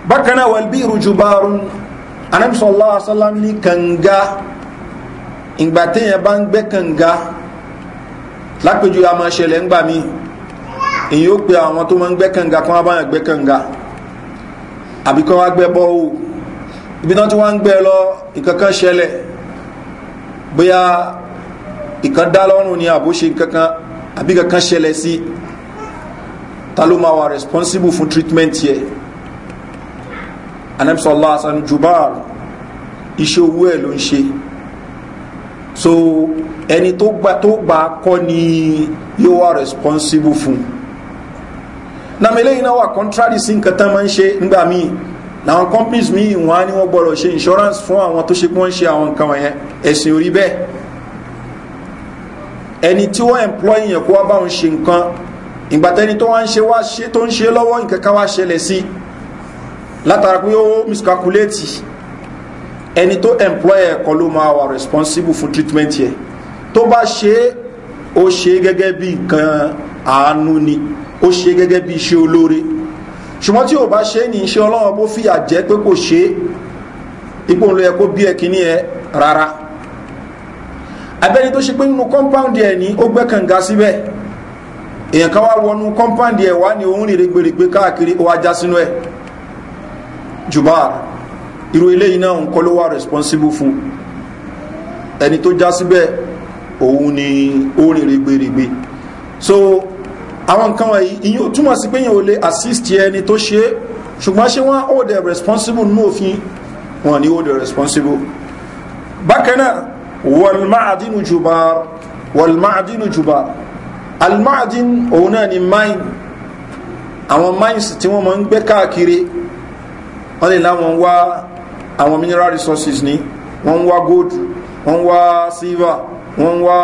bákanáà wàlbíru jubarun anamisọ̀lá asálám ní kànga ìgbà téèyàn bá ń gbẹ́ kànga lápèjú a máa ṣẹlẹ̀ ń gbà mí èyí ó pe àwọn tó máa ń gbẹ́ kànga kí wọ́n bá yàn gbẹ́ kànga àbí kí wọ́n gbẹ́ bọ́ọ̀ ibi náà tí wọ́n ń gbẹ́ lọ ìkankan ṣẹlẹ̀ bóyá ìkan dá lọ́rùn ni àbó ṣe kankan àbí kankan ṣẹlẹ̀ sí ta ló máa wà responsible fún treatment yẹn anamisọ́lá asanu jubal iṣẹ́ owó ẹ̀ ló ń ṣe so ẹni tó gba tó gba kọ́ ni yóò wá responsible fún nàmì eléyìí náà wà contrary sí nǹkan tán máa ń ṣe nígbà míì làwọn companies míì wọn á ní wọn gbọdọ̀ ṣe insurance fún àwọn tó ṣe pé wọ́n ṣe àwọn nǹkan wọ̀nyẹn ẹ̀sìn orí bẹ́ẹ̀ ẹni tí wọ́n employ yẹn kó wá bá wọn ṣe nǹkan ìgbà tẹni tó wá ń ṣe wá ṣe tó ń ṣe lọ́wọ́ nǹkan ká wá ṣẹlẹ̀ sí i látara pé ó miscalculate ẹni tó employer kan ló máa wà responsible fún treatment yẹ tó bá ṣe é ó ṣe é gẹ́gẹ́ bí nǹkan àánú ni ó ṣe é gẹ́gẹ́ bí iṣẹ́ olóore ṣùgbọ́n tí ò bá ṣe é ní iṣẹ́ ọlọ́run bó fìyà jẹ́ pé kò ṣe é ipò ńlọ yẹ kó bí ẹ kíní ẹ rárá abẹ́ni tó ṣe pé nínú compound ẹ̀ ní ó gbẹ́ síbẹ̀ èèyàn kan wá wọnú compound ẹ̀ wá ní òun rèrè káàkiri ó wá já sínú ẹ̀ jubar irú eléyìí náà ń kọ́ wà responsible fún ẹni tó já síbẹ̀ òun ni ó rìn rẹ̀gbẹ̀rẹ̀gbẹ̀ so àwọn nǹkan wọ̀nyí ìyẹn ò túmọ̀ sí pé yẹn ò lè assist ẹni tó ṣe é ṣùgbọ́n ṣé wọ́n hold them responsible nínú òfin wọn ni hold them responsible bákan náà wàlmáàdínú jubar wàlmáàdínú jubar almáàdín òun náà ni mine àwọn mines tí wọ́n máa ń gbé káàkiri wọ́n lè láwọn wá àwọn mineral resources ní wọ́n wá gold wọ́n wá silver wọ́n wá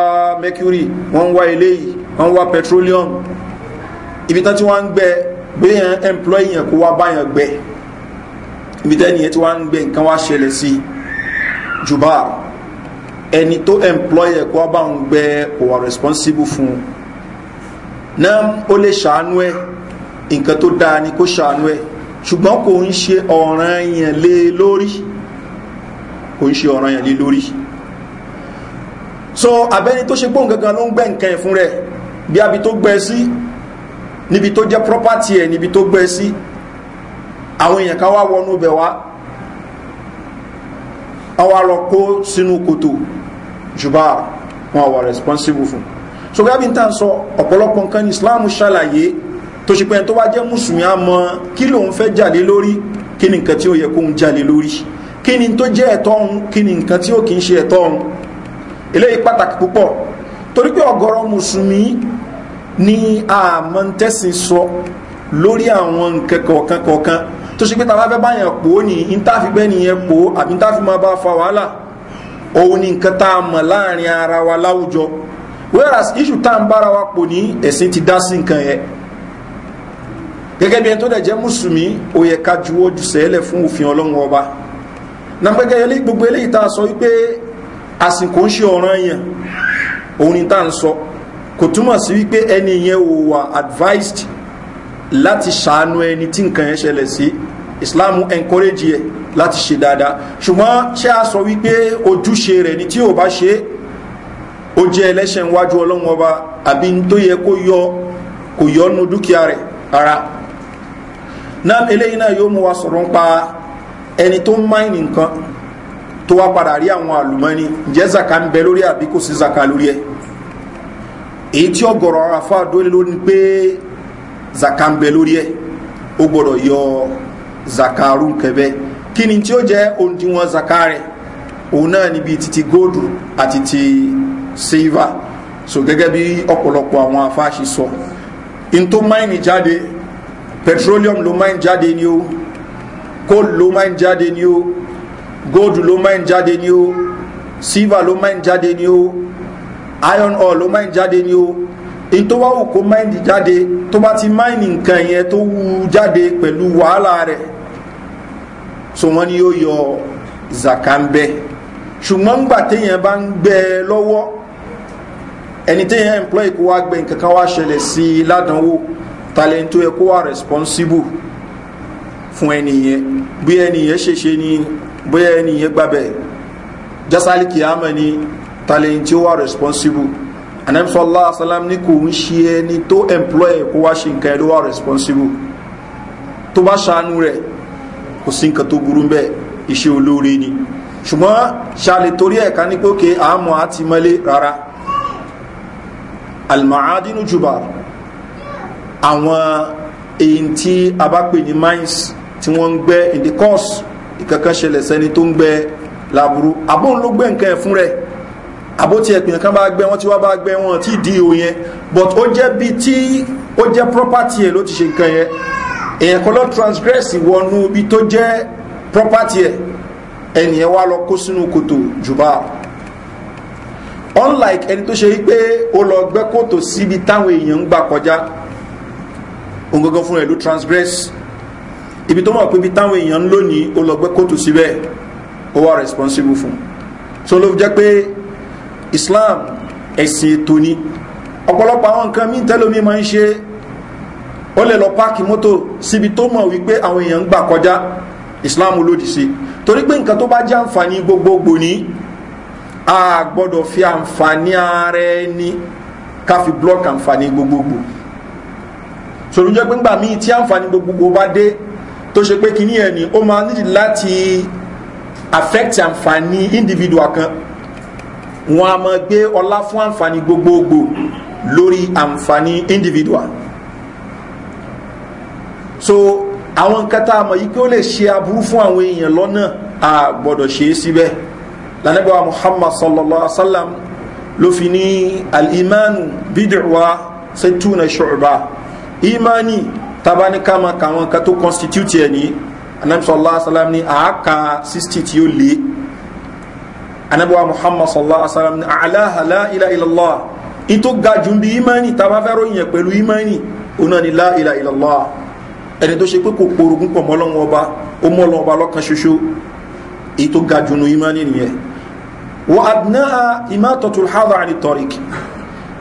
mercury wọ́n wá eléyìí wọ́n wá petroleum ibi tán tí wọ́n ń gbẹ gbéyàn employ yẹn kó wá báyàn gbẹ ibi tẹ́ni yẹn tí wọ́n ń gbẹ nǹkan wá ṣẹlẹ̀ sí jùbá ẹni tó employ yẹn kó wá báwọn gbẹ kò wà responsible fún un náà ó lè ṣàánú ẹ nǹkan tó dáa ni kó ṣàánú ẹ ṣùgbọ́n kò ń ṣe ọ̀ràn yẹn lé lórí kò ń ṣe ọ̀ràn yẹn lé lórí so abẹ́ni tó ṣe gbóhùn gangan ló ń gbẹ́ nǹkan ẹ̀ fún rẹ̀ bí abi tó gbẹ sí níbi tó jẹ́ property ẹ̀ níbi tó gbẹ sí àwọn èèyàn ká wá wọnú ibẹ̀ wá àwa lọ kó sínú kòtò jùbá wọn wà responsible fún so gábí ń tà ń sọ ọ̀pọ̀lọpọ̀ nǹkan islam ṣàlàyé tó ṣe pé ẹni tó wá jẹ́ mùsùlùmí á mọ kí lòun fẹ́ jàlé lórí kí ni nǹkan tí ó yẹ kóun jàlé lórí kí ni tó jẹ́ ẹ̀tọ́ ọ̀hún kí ni nǹkan tí ó kì í ṣe ẹ̀tọ́ ọ̀hún eléyìí pàtàkì púpọ̀ torí pé ọ̀gọ̀rọ̀ mùsùlùmí ni àmọ́ ń tẹ́sìn sọ lórí àwọn nǹkan kọ̀ọ̀kan kọ̀ọ̀kan tó ṣe pé tàbá fẹ́ báyàn pò ní ìntàfi bẹ́ nìyẹn pò àbí ìntàfi máa bá fa wàhálà òun ni nǹkan tá a mọ̀ láàrin ara wa láwùjọ whereas issue tá a ń bára wa pò ní ẹ̀sìn ti dá sí nǹkan yẹn gẹ́gẹ́ bí ẹni tó dẹ̀ jẹ́ mùsùlùmí ó yẹ ká juwọ́ jù sẹ́lẹ̀ fún òfin ọlọ́run ọba na gbẹ́gẹ́ gbogbo eléyìí tá a sọ wípé àsìkò ń ṣe ọ̀ràn yẹn òun ni tá à ń sọ kò túmọ̀ sí wípé ẹni yẹn ò wà advised láti ṣàánú ẹni tí nǹkan yẹn ṣẹlẹ̀ sí islam encourage yẹ láti ṣe dáadáa ṣùgbọ́n ṣé a sọ wípé ojúṣe rẹ̀ ni tí ò bá ṣe ó jẹ́ ẹlẹ́ṣẹ̀ níwájú ọlọ́run ọba àbí tó yẹ kó yọ kò yọ nu dúkìá rẹ̀ rárá náà eléyìí náà yóò mú wa sọ̀rọ̀ ń pa ẹni tó ń máìnì nǹkan tó wá padà rí àwọn àlùmọ́ni ǹjẹ́ zaka ń bẹ lórí àbí kò sí zaka lórí ẹ̀ èyí tí ọgọ̀rọ̀ pé zaka ń yọ zaka arúnkẹ́bẹ́ kí ni tí ó jẹ́ òǹdíwọ̀n zaka rẹ̀ òun náà níbi góòdù àti ti silva so gẹ́gẹ́ bí ọ̀pọ̀lọpọ̀ àwọn sọ n tó petroleum ló máa ń jáde ní o coal ló máa ń jáde ní o gold ló máa ń jáde ní o silver ló máa ń jáde ní o iron ore ló máa ń jáde ní o èyí tó wá wù kó máìndì jáde tó bá ti máìnì nǹkan yẹn tó wù jáde pẹ̀lú wàhálà rẹ̀ so wọ́n ní yóò yọ zaka ṣùgbọ́n ńgbà téèyàn bá ń gbẹ lọ́wọ́ ẹni téèyàn employ kó wá gbẹ nǹkan kan wá ṣẹlẹ̀ sí i ládánwò talento yẹ kó wà responsible fún ẹnìyẹn bí ẹnìyẹn ṣèṣe ni bóyá ẹnìyẹn gbàbẹ jásálì kìámẹ ni talento wà responsible anamisọlá asalam ní kò ń ṣe ẹni tó employ kó wá ṣe nǹkan ẹni wà responsible tó bá ṣàánú rẹ kò sí nǹkan tó burú bẹ́ẹ̀ iṣẹ́ olóore ni ṣùgbọ́n ṣàlè torí ẹ̀ka ní pé òkè àmọ́ àti mọ́lé rárá almahadinu jubar àwọn èyí tí a bá pè ní mines tí wọ́n ń gbẹ́ in the course ìkankan ṣẹlẹ̀ sẹ́ni tó ń gbẹ́ làbúrú àbóhùn ló gbẹ́ nǹkan ẹ̀ fún rẹ̀ àbótí ẹ̀pìn kan bá gbẹ́ wọ́n tí wọ́n bá gbẹ́ wọn tí ìdí ihò yẹn but ó jẹ́ bí tí ó jẹ́ property ẹ̀ ló ti ṣe nǹkan yẹn èèyàn kan lọ transgress wọnú ibi tó jẹ́ property ẹ̀ ẹnìyẹn wá lọ kó sínú kòtò jùbá unlike ẹni tó ṣe wípé ó lọ gbẹ́ kòtò síbi táwọn èèyàn ń gbà kọjá òun gangan fún rẹ̀ transgress ibi tó mọ̀ pé ibi táwọn èèyàn ń lò ní ó lọ gbẹ́ kóòtù síbẹ̀ ó wà responsible fún so ló jẹ́ pé Islam ẹ̀sìn ètò ni ọ̀pọ̀lọpọ̀ àwọn nǹkan míì tẹ́lómi máa ń ṣe ó lè lọ páàkì mọ́tò síbi tó mọ̀ wípé àwọn èèyàn ń gbà kọjá Islam lòdì sí torí pé nǹkan tó bá jẹ́ àǹfààní gbogbogbò ní a gbọ́dọ̀ fi àǹfààní ara ẹni ká fi block àǹfààní gbogbogbò sòrò jẹ́ pé ńgbà míì tí àǹfààní gbogbogbò bá dé tó ṣe pé kíní ẹ̀ ó máa nídìí láti affect àǹfààní individual kan wọn a máa gbé ọlá fún àǹfààní gbogbogbò lórí àǹfààní individual so àwọn nǹkan tá a mọ̀ yìí pé ó lè ṣe aburú fún àwọn èèyàn lọ́nà a gbọ́dọ̀ ṣe é síbẹ̀ lànàbẹ̀wá muhammad sallallahu alaihi wa sallam ló fi ní al-imanu bid'wa sittuna shu'ba imani tabaníkà máa kà wọn kan tó constitute ẹ̀ ní anabi sallallahu alaihi wa sallam ní àáka sixty tí ó lé anabi wa muhammad sallallahu alaihi wa sallam ní alaha la ilaha illallah ìtò ga jù bí imani tàbá fẹ́ ròyìn ẹ̀ pẹ̀lú imani òun náà ni la ilaha illallah ẹni tó ṣe pé kò porogún pọ̀ mọ́ lọ́wọ́ ọba ó mọ́ lọ́wọ́ ọba lọ́kan ṣoṣo èyí ga jù nù imani nìyẹn wọ́n adnáà imátọ̀tún hádà àni tọ́ríkì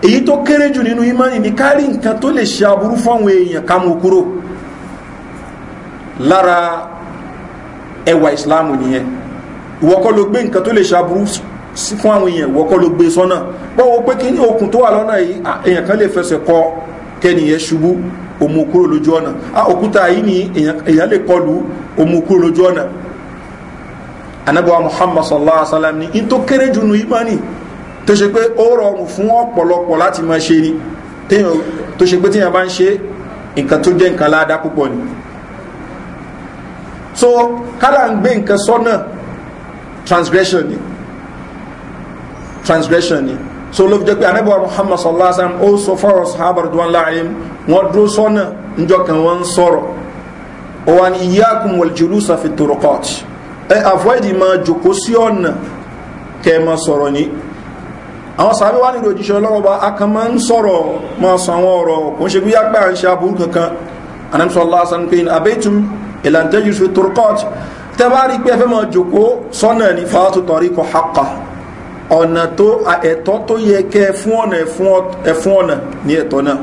èyí tó kéré jù nínú imani ni kárí nǹkan tó lè ṣe aburú fáwọn èèyàn ká mú kúrò lára ẹwà ìsìláàmù nìyẹn ìwọ́kọ́ ló gbé nǹkan tó lè ṣe aburú fún àwọn èèyàn ìwọ́kọ́ ló gbé sọ́nà bọ́wọ́ pé kí ní okùn tó wà yìí èèyàn kan lè kọ kẹ́nìyẹn ṣubú òmù kúrò lójú òkúta yìí ni èèyàn lè ni in tó kéré jù nínú tó ṣe pé ó rọrùn fún ọ̀pọ̀lọpọ̀ láti máa ṣe ni tó ṣe pé tíyàn bá ń ṣe nǹkan tó jẹ́ nǹkan láadá púpọ̀ ni so kálá ń gbé nǹkan sọ́nà transgression ni transgression ni so ló fi jẹ́ pé anábọ̀ muhammad sallallahu alaihi wasallam ó sọ fọ́rọ̀ sahaba radiallahu láàrin wọ́n dúró sọ́nà níjọ́ kan wọ́n ń sọ̀rọ̀ ó wà ní iyyakum wal julusa fi turuqat avoid máa jòkó sí ọ̀nà kẹ́ máa sọ̀rọ̀ ni àwọn sàábí wá nílò òjíṣẹ́ ọlọ́wọ́ba akan máa ń sọ̀rọ̀ máa sọ àwọn ọ̀rọ̀ kò ń ṣe bí yápẹ́ à ń ṣe aburú kankan anamsọ́lá sanpein abẹ́tum ìlàntẹ́jú fi turkot tẹ́bá rí pé ẹfẹ́ máa jòkó sọ́nà ní fàátù tọ̀rí kò haka ọ̀nà tó ẹ̀tọ́ tó yẹ kẹ́ fún ọ̀nà ẹ̀fún ọ̀nà ní ẹ̀tọ́ náà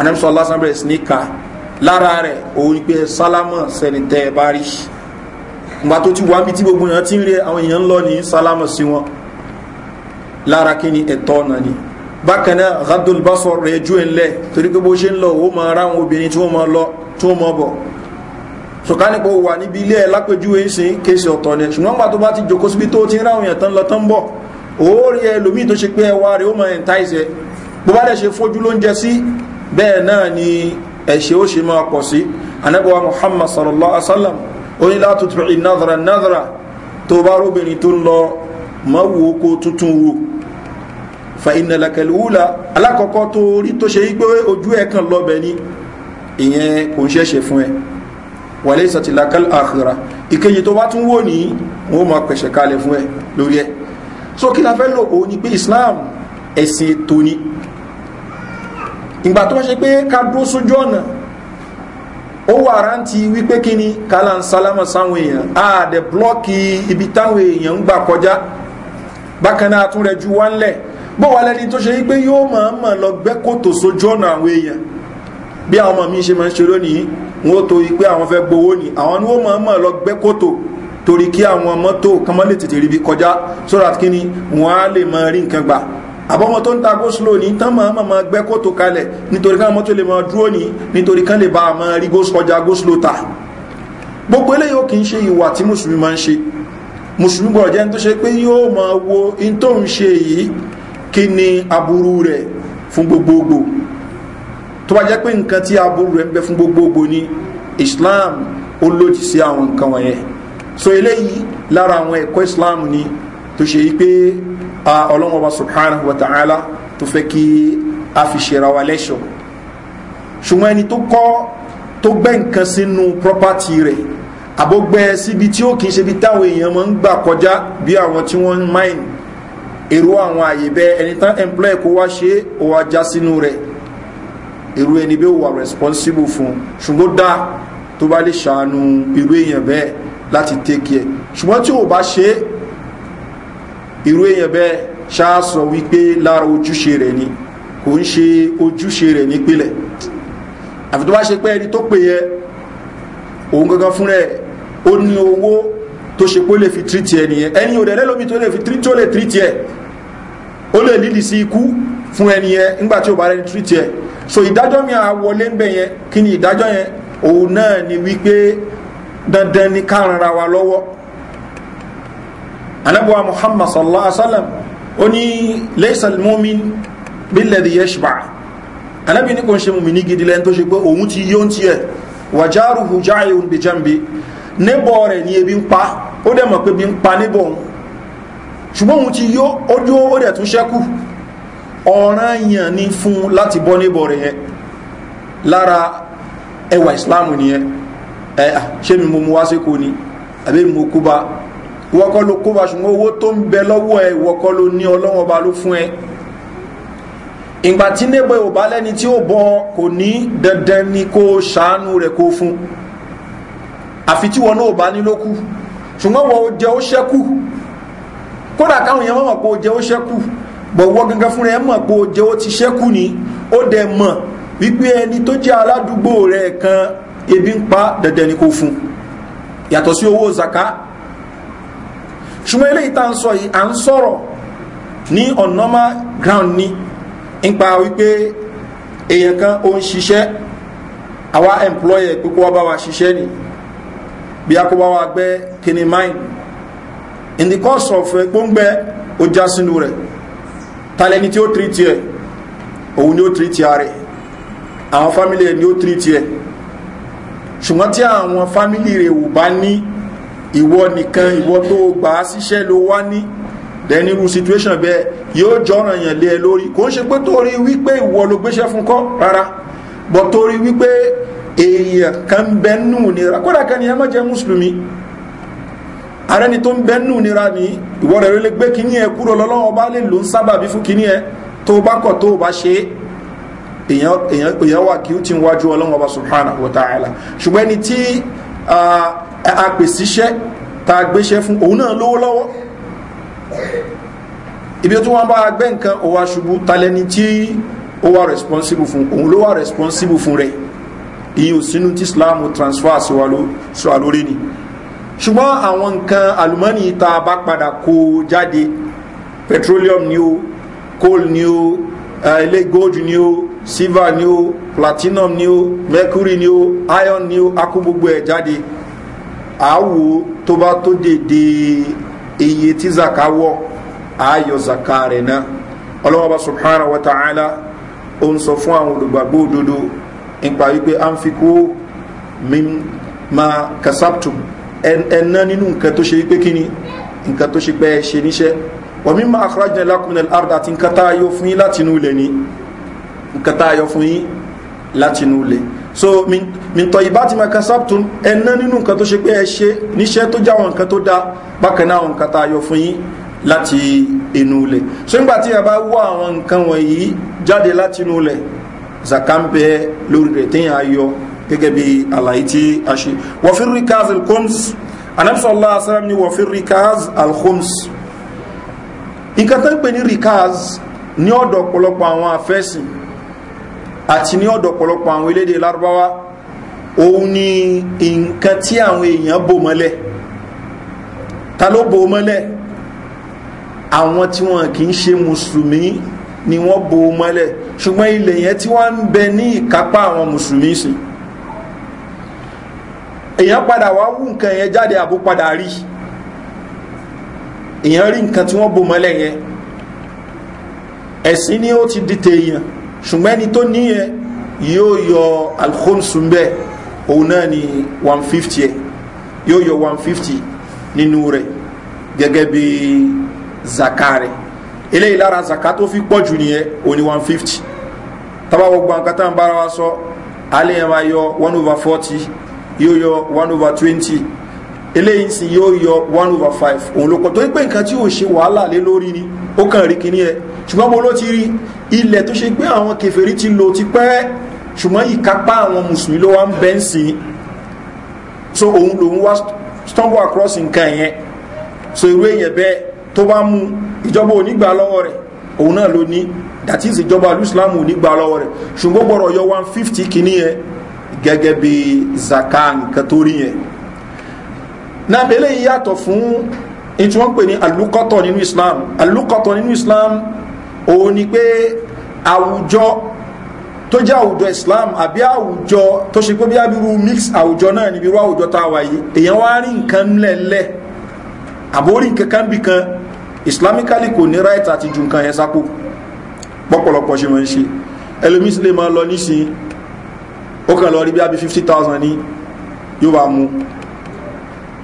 anamsọ́lá sanpein sníkà lára rẹ̀ òun pé sálámà sẹ́ni tẹ́ bá rí lára kí ni ẹ̀tọ́ ọ̀nà ni bákan náà ghadul basor rẹ̀ ju ẹ̀ ńlẹ̀ torí pé bó ṣe ń lọ ó máa ráwọn obìnrin tí wọ́n máa lọ tí wọ́n máa bọ̀ sọ̀kánipọ̀ wà níbi ilé ẹ̀ lápẹjúwe ń sin kéèsì ọ̀tọ̀ ni ṣùgbọ́n gbà tó bá ti jòkó síbi tó ti ráwọn èèyàn tán lọ bọ̀ òórí ẹlòmíì tó ṣe pé ẹwà rẹ̀ ó máa ẹ̀ntáìsẹ̀ bó bá dẹ̀ ṣe fojú ló ń jẹ sí bẹ́ẹ̀ náà ni ẹ̀ṣẹ̀ ó ṣe máa pọ̀ sí anábọ̀wá muhammad sallallahu alaihi wasallam onílá tutù ìnadara nadara tó bá róbìnrin tó ń lọ mọ́wòó kó tuntun wò fa iná lakẹlúwúlà alákọ̀ọ́kọ́ tó rí tó ṣe wípé ojú ẹ̀ kan lọ́bẹ̀ ni ìyẹn kò ń ṣẹ̀ṣẹ̀ fún ẹ wàlẹ́ ìsàtìlákàl àkìrà ìkejì tó bá tún wò ní wọ́n máa pẹ̀ṣẹ̀ kalẹ̀ fún ẹ lórí ẹ so kí la fẹ́ lò ó ní pé islam ẹ̀sìn ètò ni ìgbà tó ṣe pé ká dúró sójú ọ̀nà ó wà rántí wípé kí ni kálá ń sálámà sáwọn èèyàn àdẹ̀ blọ́ọ̀kì ibi táwọn èèyàn ń gbà kọjá bákan náà tún wá ńlẹ̀ bó wà lẹ́ni tó ṣe wípé yóò máa máa lọ gbẹ́ kòtò sójú ọ̀nà àwọn èèyàn bí àwọn ọmọ mi ṣe máa ń ṣe lónìí wọn ó torí pé àwọn fẹ́ gbowó ni àwọn ni ó máa máa lọ gbẹ́ kòtò torí kí àwọn mọ́tò kan mọ́ lè tètè ríbi kọjá so that kí ni wọ́n á lè máa rí nǹkan gbà àbọ̀mọ́ tó ń ta goslo ní tán máa máa máa gbẹ́ kalẹ̀ nítorí káwọn mọ́tò lè máa dúró ní nítorí kán lè bá máa rí ọjà goslo ta gbogbo eléyìí ó kì í ṣe ìwà tí mùsùlùmí máa ń ṣe mùsùlùmí gbọ́dọ̀ jẹ́ ní tó ṣe pé yóò máa wo in tó ń ṣe yìí kí ni aburú rẹ̀ fún gbogbogbò tó bá jẹ́ pé nǹkan tí aburú rẹ̀ ń bẹ fún gbogbogbò ni islam ó lòdì sí àwọn nǹkan wọ̀nyẹn so eléyìí lára àwọn ẹ̀kọ́ islam ni tó ṣe yí pé ọlọ́wọ́n wa subhanahu wa ta'ala tó fẹ́ kí a fi ṣe ra wa lẹ́ṣọ̀ ṣùgbọ́n ẹni tó kọ́ tó gbẹ́ nǹkan sínú property rẹ̀ àbógbẹ́ síbi tí ó kìí ṣe bí táwọn èèyàn máa ń gbà kọjá bí àwọn tí wọ́n ń mine èrò àwọn àyè bẹ́ẹ̀ ẹni tán employ kó wá ṣe ó wá já sínú rẹ̀ èrò ẹni bẹ́ẹ̀ wà responsible fún ṣùgbọ́n dá tó bá lè ṣàánú irú èèyàn bẹ́ẹ̀ láti take ẹ̀ ṣùgbọ́n tí ò bá ṣe irú èèyàn bẹ́ẹ̀ ṣáàsọ wípé lára ojúṣe rẹ̀ ni kò ń ṣe ojúṣe rẹ̀ nípìnlẹ̀ àfi tó bá ṣe pé ẹni tó pè yẹ òun gangan fúnra ẹ̀ ó ní owó tó ṣe pé ó lè fi tírítì ẹ nìyẹn ẹni ò dẹ̀ lẹ́lómi tó lè fi tírítì ẹ ó lè lídì sí ikú fún ẹni yẹn nígbà ó bá rẹni tírìtì ẹ so ìdájọ́ mi àwọlé ń bẹ yẹn kí ni ìdájọ́ yẹn òun náà ni wípé dandan ni ká ranra wa lọ́wọ́ anabuwa muhammad sallallahu alaihi wa sallam ó ní laysal mu'min billadhi yashba' anabi ní kò ń ṣe mùmìnì gidi lẹ́ni tó ṣe pé òun ti yóò ti ẹ̀ wàjáruhu jáàyè òun bìjàmbé níbọ̀ rẹ̀ ni ebi ń pa ó dẹ̀ mọ̀ pé bí ń pa níbọ̀ òun ṣùgbọ́n òun ti yó ó dó ó dẹ̀ tún ṣẹ́kù ọ̀ràn yàn ní fún láti bọ́ níbọ̀ rẹ̀ yẹn lára ẹwà ìsìláàmù nìyẹn ẹ ṣé mi mo mu wá sékò ni àbí mo kú bá wọ́kọ́ ló kó bá ṣùgbọ́n owó tó ń bẹ lọ́wọ́ ẹ wọ́kọ́ ló ní ọlọ́wọ́ bá ló fún ẹ ìgbà tí níbo ò bá lẹ́ni tí ó bọ́ kò ní dandan ni kó ṣàánú rẹ̀ kó fún àfi tí wọn náà ò bá ní lókù ṣùgbọ́n wọn ò jẹ́ ó ṣẹ́kù kódà káwọn èèyàn mọ̀ pé ó jẹ́ ó ṣẹ́kù bọ̀wọ́ gangan fúnra ẹ̀ mọ̀ pé ó jẹ́ ó ti ṣẹ́kù ni ó dẹ̀ mọ̀ wípé ẹni tó jẹ́ aládùúgbò rẹ̀ kan ebi ń pa dandan ni kò fún yàtọ̀ sí owó zaka ṣùgbọ́n eléyìí tá à ń sọ yìí à ń sọ̀rọ̀ ní on ground ni nípa wípé èèyàn kan ó ń ṣiṣẹ́ àwa employer pé kó wá bá wa ṣiṣẹ́ ni bí a kó bá wa gbẹ́ kíni mine in the course of eh, gbóngbẹ́ ó já sínú rẹ̀ talẹ́ni tí ó treat ẹ̀ òun ni ó treat rẹ̀ àwọn family ẹ̀ ni ó treat ẹ̀ ṣùgbọ́n tí àwọn family rẹ̀ ò bá ní ìwọ nìkan ìwọ tó gbà á síṣẹ́ ló wá ní lẹ́nirú situation bẹ́ẹ̀ yóò jọ́ràn yàn lé ẹ lórí kò ń ṣe pé torí wípé ìwọ ló gbéṣẹ́ fún kọ́ rárá but torí wípé èèyàn kan bẹ́ẹ̀ nù ní kódà kan ni ẹ má jẹ́ mùsùlùmí ara ẹni tó ń bẹ́nù nira ní ìwọ rẹ̀ lè gbé kíní ẹ kúrò lọ́lọ́wọ́ bá lè lò ń sábàbí fún kíní ẹ tó bá kọ̀ tó bá ṣe èèyàn wà kí ó ti ń wájú ọlọ́wọ́ bá subhanahu wa ta'ala ṣùgbọ́n ẹni tí a pè síṣẹ́ ta gbéṣẹ́ fún òun náà lówó lọ́wọ́ ibi tó wọ́n bá gbẹ́ nǹkan ó wá ṣubú talẹ́ni tí ó wà responsible fún òun ló wà responsible fún rẹ̀ ìyí ò sínú tí islam transfer sí wa lórí ni. Lo, ṣùgbọ́n àwọn nǹkan àlùmọ́nì tá a bá padà kó jáde petroleum ni o coal ni o eh, ilé gold ni o silver ni o platinum ni o mercury ni o iron ni o a kó gbogbo ẹ̀ jáde àáwò tó bá tó dèdè iye tí zaka wọ ayọ̀ zaka rẹ̀ náà ọlọ́wọ́ba subhanahu wa ta'ala ó ń sọ fún àwọn olùgbàgbọ́ òdodo nípa wípé à ń fi kó mímá kasabtum ẹ̀nà nínú nǹkan tó ṣe wípé kí ni nǹkan tó ṣe pẹ́ ṣe níṣẹ́ wọ́n mímọ́ akọ́rọ̀jìnlẹ̀ lákùnrin àrùn àti nǹkan tá a fún yín láti inú ilẹ̀ ni nǹkan tá a fún yín láti inú ilẹ̀ so mintọ́ ìbá ti máa kan sábtún ẹ̀nà nínú nǹkan tó ṣe pé ẹ ṣe níṣẹ́ tó jáwọn nǹkan tó dá bákan náà nǹkan tá a fún yín láti inú ilẹ̀ so nígbà tí a bá wọ àwọn nǹkan wọ̀nyí jáde láti inú ilẹ̀ zakambe lórí rẹ̀ téèyàn á gẹ́gẹ́ bí àlàyé tí a ṣe wọ́fíìrì rikaz al-khums anabisọ́lá asalam ni wọ́fíìrì rikaz al-khums nǹkan tó ń pè ní rikaz ní ọ̀dọ̀ ọ̀pọ̀lọpọ̀ àwọn afẹ́sìn àti ní ọ̀dọ̀ ọ̀pọ̀lọpọ̀ àwọn elédè lárúbáwá òun ni nǹkan tí àwọn èèyàn bò mọ́lẹ̀ ta ló bò mọ́lẹ̀ àwọn tí wọn kì í ṣe mùsùlùmí ni wọ́n bò mọ́lẹ̀ ṣùgbọ́n ilẹ̀ yẹn tí wọ́n ń bẹ ní ìkápá àwọn mùsùlùmí sìn èèyàn padà wá wú nǹkan yẹn jáde àbó padà rí èèyàn rí nǹkan tí wọ́n bò mọ́lẹ̀ yẹn ẹ̀sìn ni ó ti dìtẹ̀ èèyàn ṣùgbọ́n ẹni tó níyẹn yóò yọ alkhonsun bẹ́ẹ̀ òun náà ni 150 ẹ̀ yóò yọ fifty nínú rẹ̀ gẹ́gẹ́ bí zakare eléyìí lára zaka tó fi pọ̀ jù nìyẹn o ní 150 tábàwọ̀ gbọ́n kátà ń bára wa sọ alẹ́ yẹn máa yọ 1 over forty yóò yọ one over twenty eléyìí sì yóò yọ one over five òun ló kọ́ tó ń pè nǹkan tí ò ṣe wàhálà lé lórí ni ó kàn rí kíní ẹ ṣùgbọ́n mo ló ti rí ilẹ̀ tó ṣe pé àwọn kẹfẹ́rí ti lò ti pẹ́ ṣùgbọ́n ìkápá àwọn mùsùlùmí ló wá ń bẹ́ ń sìn so òun lòun wá stumble across nǹkan yẹn so irú èèyàn bẹ́ẹ̀ tó bá mú ìjọba onígbà lọ́wọ́ rẹ̀ òun náà ló ní that is ìjọba aluslam onígbà lọ́wọ́ rẹ̀ ṣùgbọ́n gbọ́dọ̀ yọ one fifty kíní yẹn gẹ́gẹ́ bí zaka nǹkan tó rí yẹn náà bẹ́lẹ̀ yìí yàtọ̀ fún in tí wọ́n pè ní alukọ́tọ̀ nínú islam alukọ́tọ̀ nínú islam òun ni pé àwùjọ tó jẹ́ àwùjọ islam àbí àwùjọ tó ṣe pé bí abirú mix àwùjọ náà níbi irú àwùjọ tá a wà yìí èèyàn wá rí nǹkan ńlẹ̀ńlẹ̀ àbórí nǹkan kan bì kan islamically kò ní right àti ju nǹkan yẹn sápò pọ́pọ̀lọpọ̀ ṣe wọ́n ń ṣe ẹlòmísílẹ̀ máa lọ nísìnyí ó kàn lọ rí bí i fifty thousand ní yóò bá mú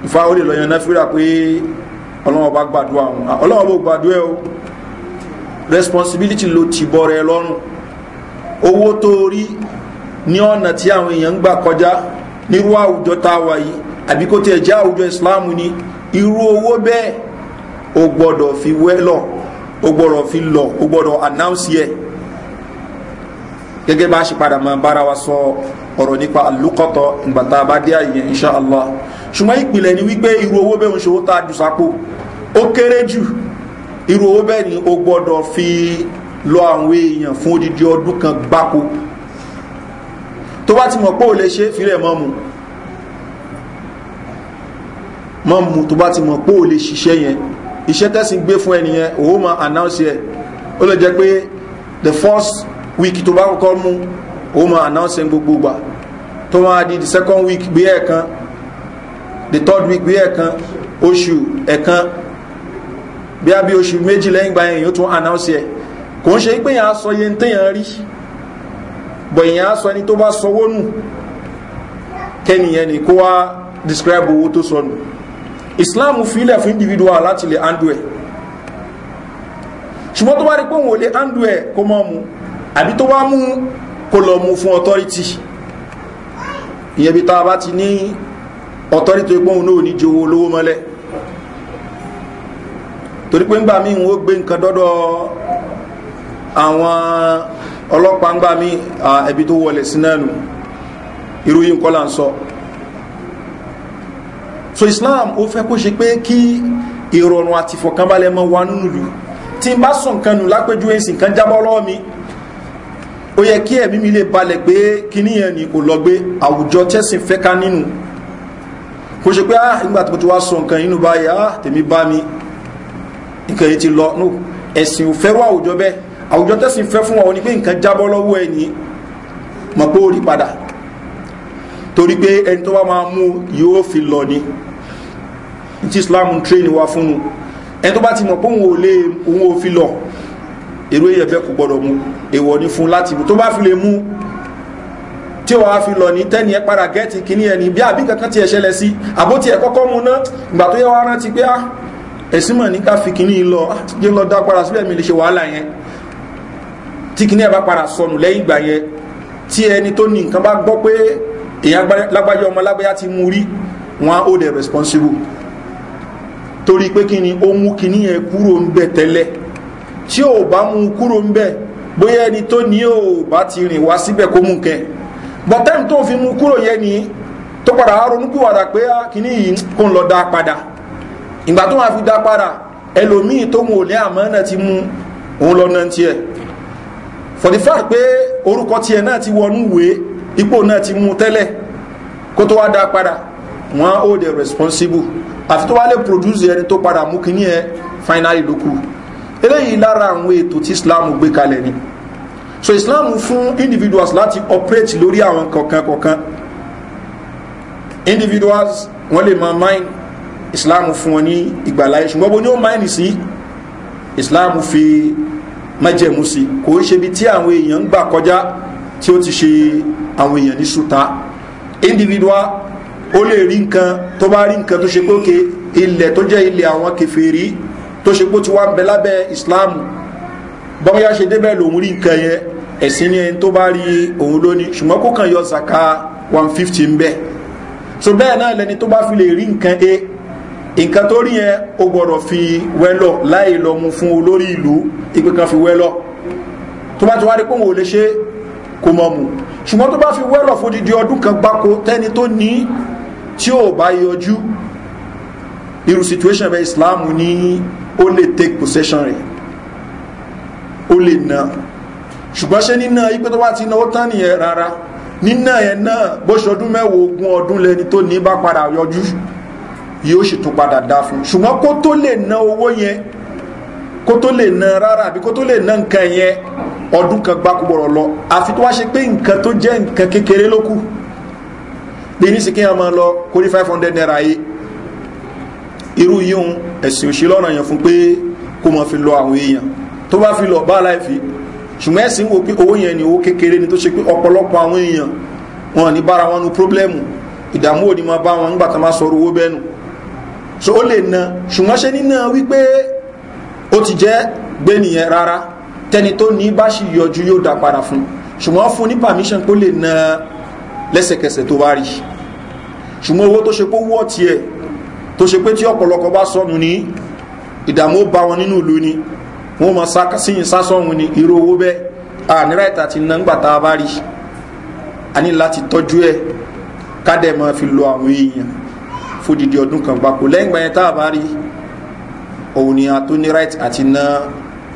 ìfá ó lè lọ yan náfíra pé ọlọ́wọ́ bá gbàdúrà wọn ọlọ́wọ́ bó gbàdúrà o responsibility ló ti bọ́ rẹ lọ́rùn owó tó rí ní ọ̀nà tí àwọn èèyàn ń gbà kọjá nírú àwùjọ tá a wà yìí àbí kó tiẹ̀ jẹ́ àwùjọ ìsìláàmù ni irú owó bẹ́ẹ̀ o gbọ́dọ̀ fi wẹ́lọ̀ o gbọ́dọ̀ fi lọ o gbọ́dọ̀ announce yẹ gẹ́gẹ́ bá ṣe padà máa bára wa sọ ọ̀rọ̀ nípa àlùkọ́tọ̀ ìgbàta bá dé àyè insha Allah ṣùgbọ́n ìpìlẹ̀ ni wípé irú owó bẹ́ẹ̀ ń ṣòwò tá a jù sápò ó kéré jù irú owó bẹ́ẹ̀ ni ó gbọ́dọ̀ fi lọ àwọn èèyàn fún odidi ọdún kan gbáko tó bá ti mọ̀ pé ò lè ṣe fílẹ̀ mọ́ mu mọ́ mu tó bá ti mọ̀ pé ò lè ṣiṣẹ́ yẹn iṣẹ́ tẹ́sìn gbé fún ẹnìyẹn òun máa announce yẹ ó lè jẹ́ pé the first Week tó bá kọ́kọ́ mú ó máa announce gbogbo gbà tó máa di the second week bí ẹ̀ẹ̀kan the third week bí ẹ̀ẹ̀kan oṣù ẹ̀ẹ̀kan bí a bí oṣù méjì lẹ́yìn gba èèyàn tún announce ẹ̀ kò ń ṣe pé èèyàn á sọ iye téèyàn rí bọ̀ èèyàn á sọ ẹni tó bá sanwó nù kẹ́nìyẹn ni kó wá describe owó tó sọnù islam filẹ̀ fún individual láti lè handle ẹ̀ ṣùgbọ́n tó bá rí pé òun ò lè handle ẹ̀ kó mọ́ mu àbí tó wá mú kó lọ mú fún authority ìyẹn bí tá ti ní authority tó gbóhùn náà ní jowó lówó mọ́lẹ̀ torí pé ńgbà míì wọ́n gbé nǹkan dọ́dọ̀ àwọn ọlọ́pàá ńgbà míì ẹbí tó wọlé sí náà nù irú yìí ń sọ so Islam ó fẹ́ kó ṣe pé kí ìrọ̀rùn àti mọ́ wa nínú ìlú tí n bá sùn kan nù lápẹjú kan jábọ́ lọ́wọ́ mi ó yẹ kí ẹ̀mí mi lè balẹ̀ pé kíní yẹn ni kò lọ gbé àwùjọ tẹ́sìn fẹ́ká nínú kò ṣe pé ah nígbà tí mo ti wá sọ nǹkan nínú báyìí ah tèmi bá mi nǹkan yìí ti lọ no ẹ̀sìn ò fẹ́rú àwùjọ bẹ́ẹ̀ àwùjọ tẹ́sìn fẹ́ fún ọ ni pé nǹkan jábọ́ lọ́wọ́ ẹ̀ ní mọ̀ pé ó rí padà torí pé ẹni tó bá máa mú yóò fi lọ ni tí islam ń tírẹ́nì wá fún un ẹni tó bá ti mọ̀ pé òun ò lè òun ò fi lọ èrò èyẹ kò gbọ́dọ̀ mú un èwọ̀ ní fún láti mú tó bá fi lè mú tí ó wá fi lọ ní tẹ́ni ẹ padà gẹ́ẹ̀tì kíní ẹni bí àbí kankan ti ẹ̀ṣẹ̀lẹ̀ sí àbótí ẹ̀ kọ́kọ́ mu náà ìgbà tó yẹ wá rántí pé ah, ẹ̀sìn mọ̀ ní ká fi kíní lọ ah, jẹ́ lọ dá padà síbẹ̀ mi lè ṣe wàhálà yẹn tí kíní ẹ̀ bá padà sọnù lẹ́yìn ìgbà yẹn tí ẹni tó ní nǹkan bá gbọ́ pé èèyàn lágbájá ọmọ lágbájá ti mú rí wọn ó dẹ̀ responsible torí pé kíni ó mú kíní yẹn kúrò ń bẹ̀ tẹ́lẹ̀ tí ò bá mú kúrò ń bẹ̀ bóyá ẹni tó ní ò bá ti rìn wá síbẹ̀ kó mú kẹ́ bọ́tẹ́m tó fi mú kúrò yẹ ni tó padà ronúkúwàdà pé ah, kíní yìí kò ń lọ dá padà ìgbà tó wà fi dá padà ẹlòmíì tó mú òlé àmọ́ náà ti mú òun lọ náà tiẹ̀ for the fact pé orúkọ tiẹ̀ náà ti wọnú wèé ipò náà ti mú tẹ́lẹ̀ kó tó wá dá padà wọ́n ó dẹ̀ responsible àfi tó wá lè produce ẹni tó padà mú kíní ẹ finally lókù eléyìí lára àwọn ètò tí islam gbé kalẹ̀ ni so islam fún individuals láti operate lórí àwọn kọ̀ọ̀kan kọ̀ọ̀kan individuals wọ́n lè máa mine islam fún wọn ní ìgbàláyé ṣùgbọ́n bó ní ó mine sí islam fi májẹ̀mú sí kò ń ṣe bí tí àwọn èèyàn ń gbà kọjá tí ó ti ṣe àwọn èèyàn ní ṣùtá individual ó lè rí nǹkan tó bá rí nǹkan tó ṣe pé ilẹ̀ tó jẹ́ ilẹ̀ àwọn kẹfẹ́ rí tó ṣe pé tí wọ́n bẹ lábẹ́ islam bọ́nyá ṣe débẹ̀ lòun rí nǹkan yẹn ẹ̀sìn ni tó bá rí òun lónìí ṣùgbọ́n kó kàn yọ zaka one fifty ń bẹ̀ so bẹ́ẹ̀ náà lẹni tó bá fi lè rí nǹkan e nǹkan tó rí yẹn ó gbọ́dọ̀ fi wẹ́lọ̀ láì lọ mu fún olórí ìlú ìpè kan fi wẹ́lọ̀ tó bá ti wá rí pé òun ò lè ṣe kó mọ̀ mu ṣùgbọ́n tó bá fi wẹ́lọ̀ fódìdí ọdún kan gbáko tẹ́ni tó ní tí ò bá yọjú irú situation bẹ́ẹ̀ islam ní ó lè take possession rẹ̀ ó lè na ṣùgbọ́n ṣe nínà ipé tó bá ti náwó tán nìyẹn rárá nínà yẹn náà bó ṣọdún mẹ́wàá ogún ọdún lẹni tó ní bá padà yọjú yóò sì tún padà dá fún ṣùgbọ́n kó tó lè na owó yẹn kó tó lè na rárá àbí kó tó lè na nǹkan yẹn ọdún kan gbáko bọ̀rọ̀ lọ àfi tó wá ṣe pé nǹkan tó jẹ́ nǹkan kékeré ló kù bí ní sì kí wọn máa lọ kórí five hundred naira yìí irú yíhun ẹ̀sìn òṣèlú ọ̀nà yẹn fún pé kó mọ̀ fi lọ àwọn èèyàn tó bá fi lọ bá aláìfi ṣùgbọ́n ẹ̀sìn wo pé owó yẹn ni owó kékeré ni tó ṣe pé ọ̀pọ̀lọpọ̀ àwọn èèyàn wọn ní bára wọn nu pírọ́blẹ́mù ìdààmú òní máa bá wọn nígbà tá máa sọ̀rọ̀ owó bẹ́ẹ̀ nù so ó lè na ṣùgbọ́n ṣe nínà wípé ó ti jẹ́ gbé nìyẹn rárá tẹni tó ní bá ṣì yọjú yóò dá padà fún ṣùgbọ́n fún ní permission kó lè na lẹ́sẹ̀kẹsẹ̀ tó bá rí ṣùgbọ́n owó tó ṣe pé wọ́ọ̀tì ẹ̀ tó ṣe pé tí ọ̀pọ̀lọpọ̀ bá sọnù ní ìdààmú bá wọn nínú ìlú ni wọ́n mọ síyìn sásọ̀hún ni irú owó bẹ́ẹ̀ ànírà ìta ti ná ńgbà tá a bá rí a ní láti tọ́jú ẹ̀ ká dẹ̀ máa fi lo àwọn èèyàn fódìdí ọdún kan gbapò lẹ́yìn gbàyẹn tá a òun ni a ní right àti ná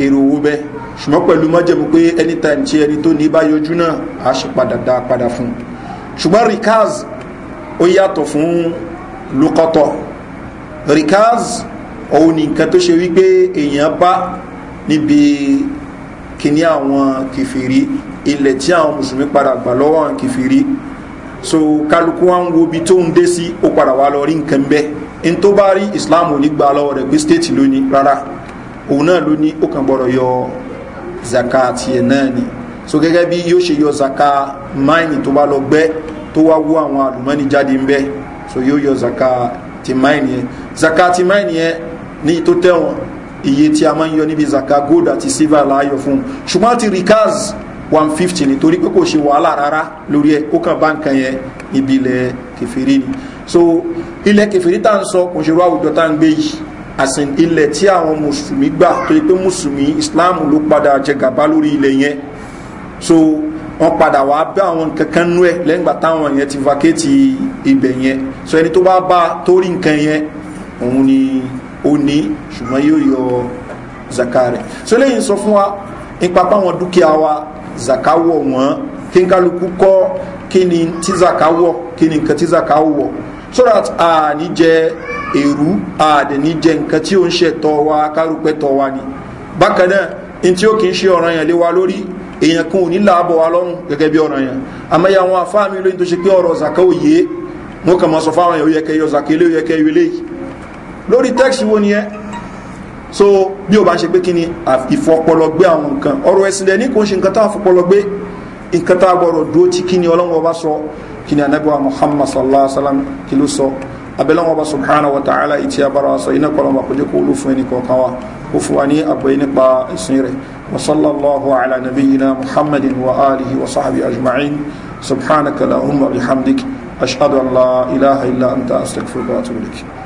èrò owó bẹ́ẹ̀ ṣùgbọ́n pẹ̀lú mọ́jẹ̀mú pé anytime tí ẹni tó ní bá yọjú náà a ṣe padà dá padà fún ṣùgbọ́n rikaz ó yàtọ̀ fún lókọ́tọ̀ rikaz òun ni nǹkan tó ṣe wípé èèyàn bá níbi kíní àwọn kìfìrí ilẹ̀ tí àwọn mùsùlùmí padà gbà lọ́wọ́ àwọn kìfìrí so kálukú wa ń wo ibi tó ń dé sí ó padà wá lọ rí nǹkan bẹ́ẹ̀ n tó bá rí islam ò ní gba lọ́wọ́ rẹ̀ pé stéètì ló rárá òun náà ló ó kàn gbọ́dọ̀ yọ zaka tiẹ̀ náà ni so gẹ́gẹ́ bí yóò ṣe yọ zaka máìnì tó bá lọ gbẹ́ tó wá wú àwọn àlùmọ́nì jáde ń bẹ́ so yóò yọ zaka ti máìnì yẹn zaka ti máìnì yẹn ní tó tẹ̀wọ̀n iye tí a máa ń yọ níbi zaka gold àti silver láàyò fún un ṣùgbọ́n ti rikaz one fifty ni torí pé kò ṣe wàhálà rárá lórí ẹ ó kàn bá nǹkan yẹn ilẹ̀ kẹfìrí ni so ilẹ̀ kẹfìrí tá ń sọ kò ṣe rú àwùjọ tá ń gbé yìí àsìn ilẹ̀ tí àwọn mùsùlùmí gbà torí pé mùsùlùmí islam ló padà jẹ gàba lórí ilẹ̀ yẹn so wọ́n padà wá bá àwọn kankan nú ẹ̀ lẹ́yìn gbà táwọn yẹn ti vacate ibẹ̀ yẹn so ẹni tó bá bá torí nǹkan yẹn òun ni ó ní ṣùgbọ́n yóò yọ zaka rẹ̀ so lẹ́yìn sọ fún wa nípa báwọn dúkìá wa zaka wọ̀ wọ́n kí n kálukú kọ́ kí ni tí zaka wọ̀ kí ni nǹkan tí zaka wọ̀ so that a ní jẹ èrú a dẹ̀ ní jẹ nǹkan tí ó ń ṣẹ̀tọ́ wa kárùpẹ̀tọ̀ wa ni bákan náà n tí ó kì í ṣe ọ̀ràn yẹn lé wa lórí èèyàn kan ò ní láàbọ̀ wa lọ́rùn gẹ́gẹ́ bí ọ̀ràn yẹn àmọ́ ya àwọn afá mi lóyún tó ṣe pé ọ̀rọ̀ zaka ò yé wọn kàn máa sọ fáwọn èèyàn ó yẹ kẹ́ yọ zaka ilé ó yẹ kẹ́ yọ ilé lórí tẹ́kṣì wo nìyẹn so bí o bá ṣe pé kí ni ìfọpọlọ gbé àwọn nǹkan ọ̀rọ̀ ẹ̀sìn dẹ̀ kò ṣe nǹkan tá àfọpọlọ gbé nǹkan tá a gbọ́dọ̀ dúró tí kí ni ọlọ́run ọba sọ kí ni anabi wa muhammad sallallahu alaihi wa sallam kí ló wa ta'ala ìtì abára wa sọ iná kọlọ́mọ àkójọ kó olú fún وصلى الله على نبينا محمد وآله وصحبه أجمعين سبحانك اللهم وبحمدك أشهد أن لا إله إلا أنت أستغفرك وأتوب إليك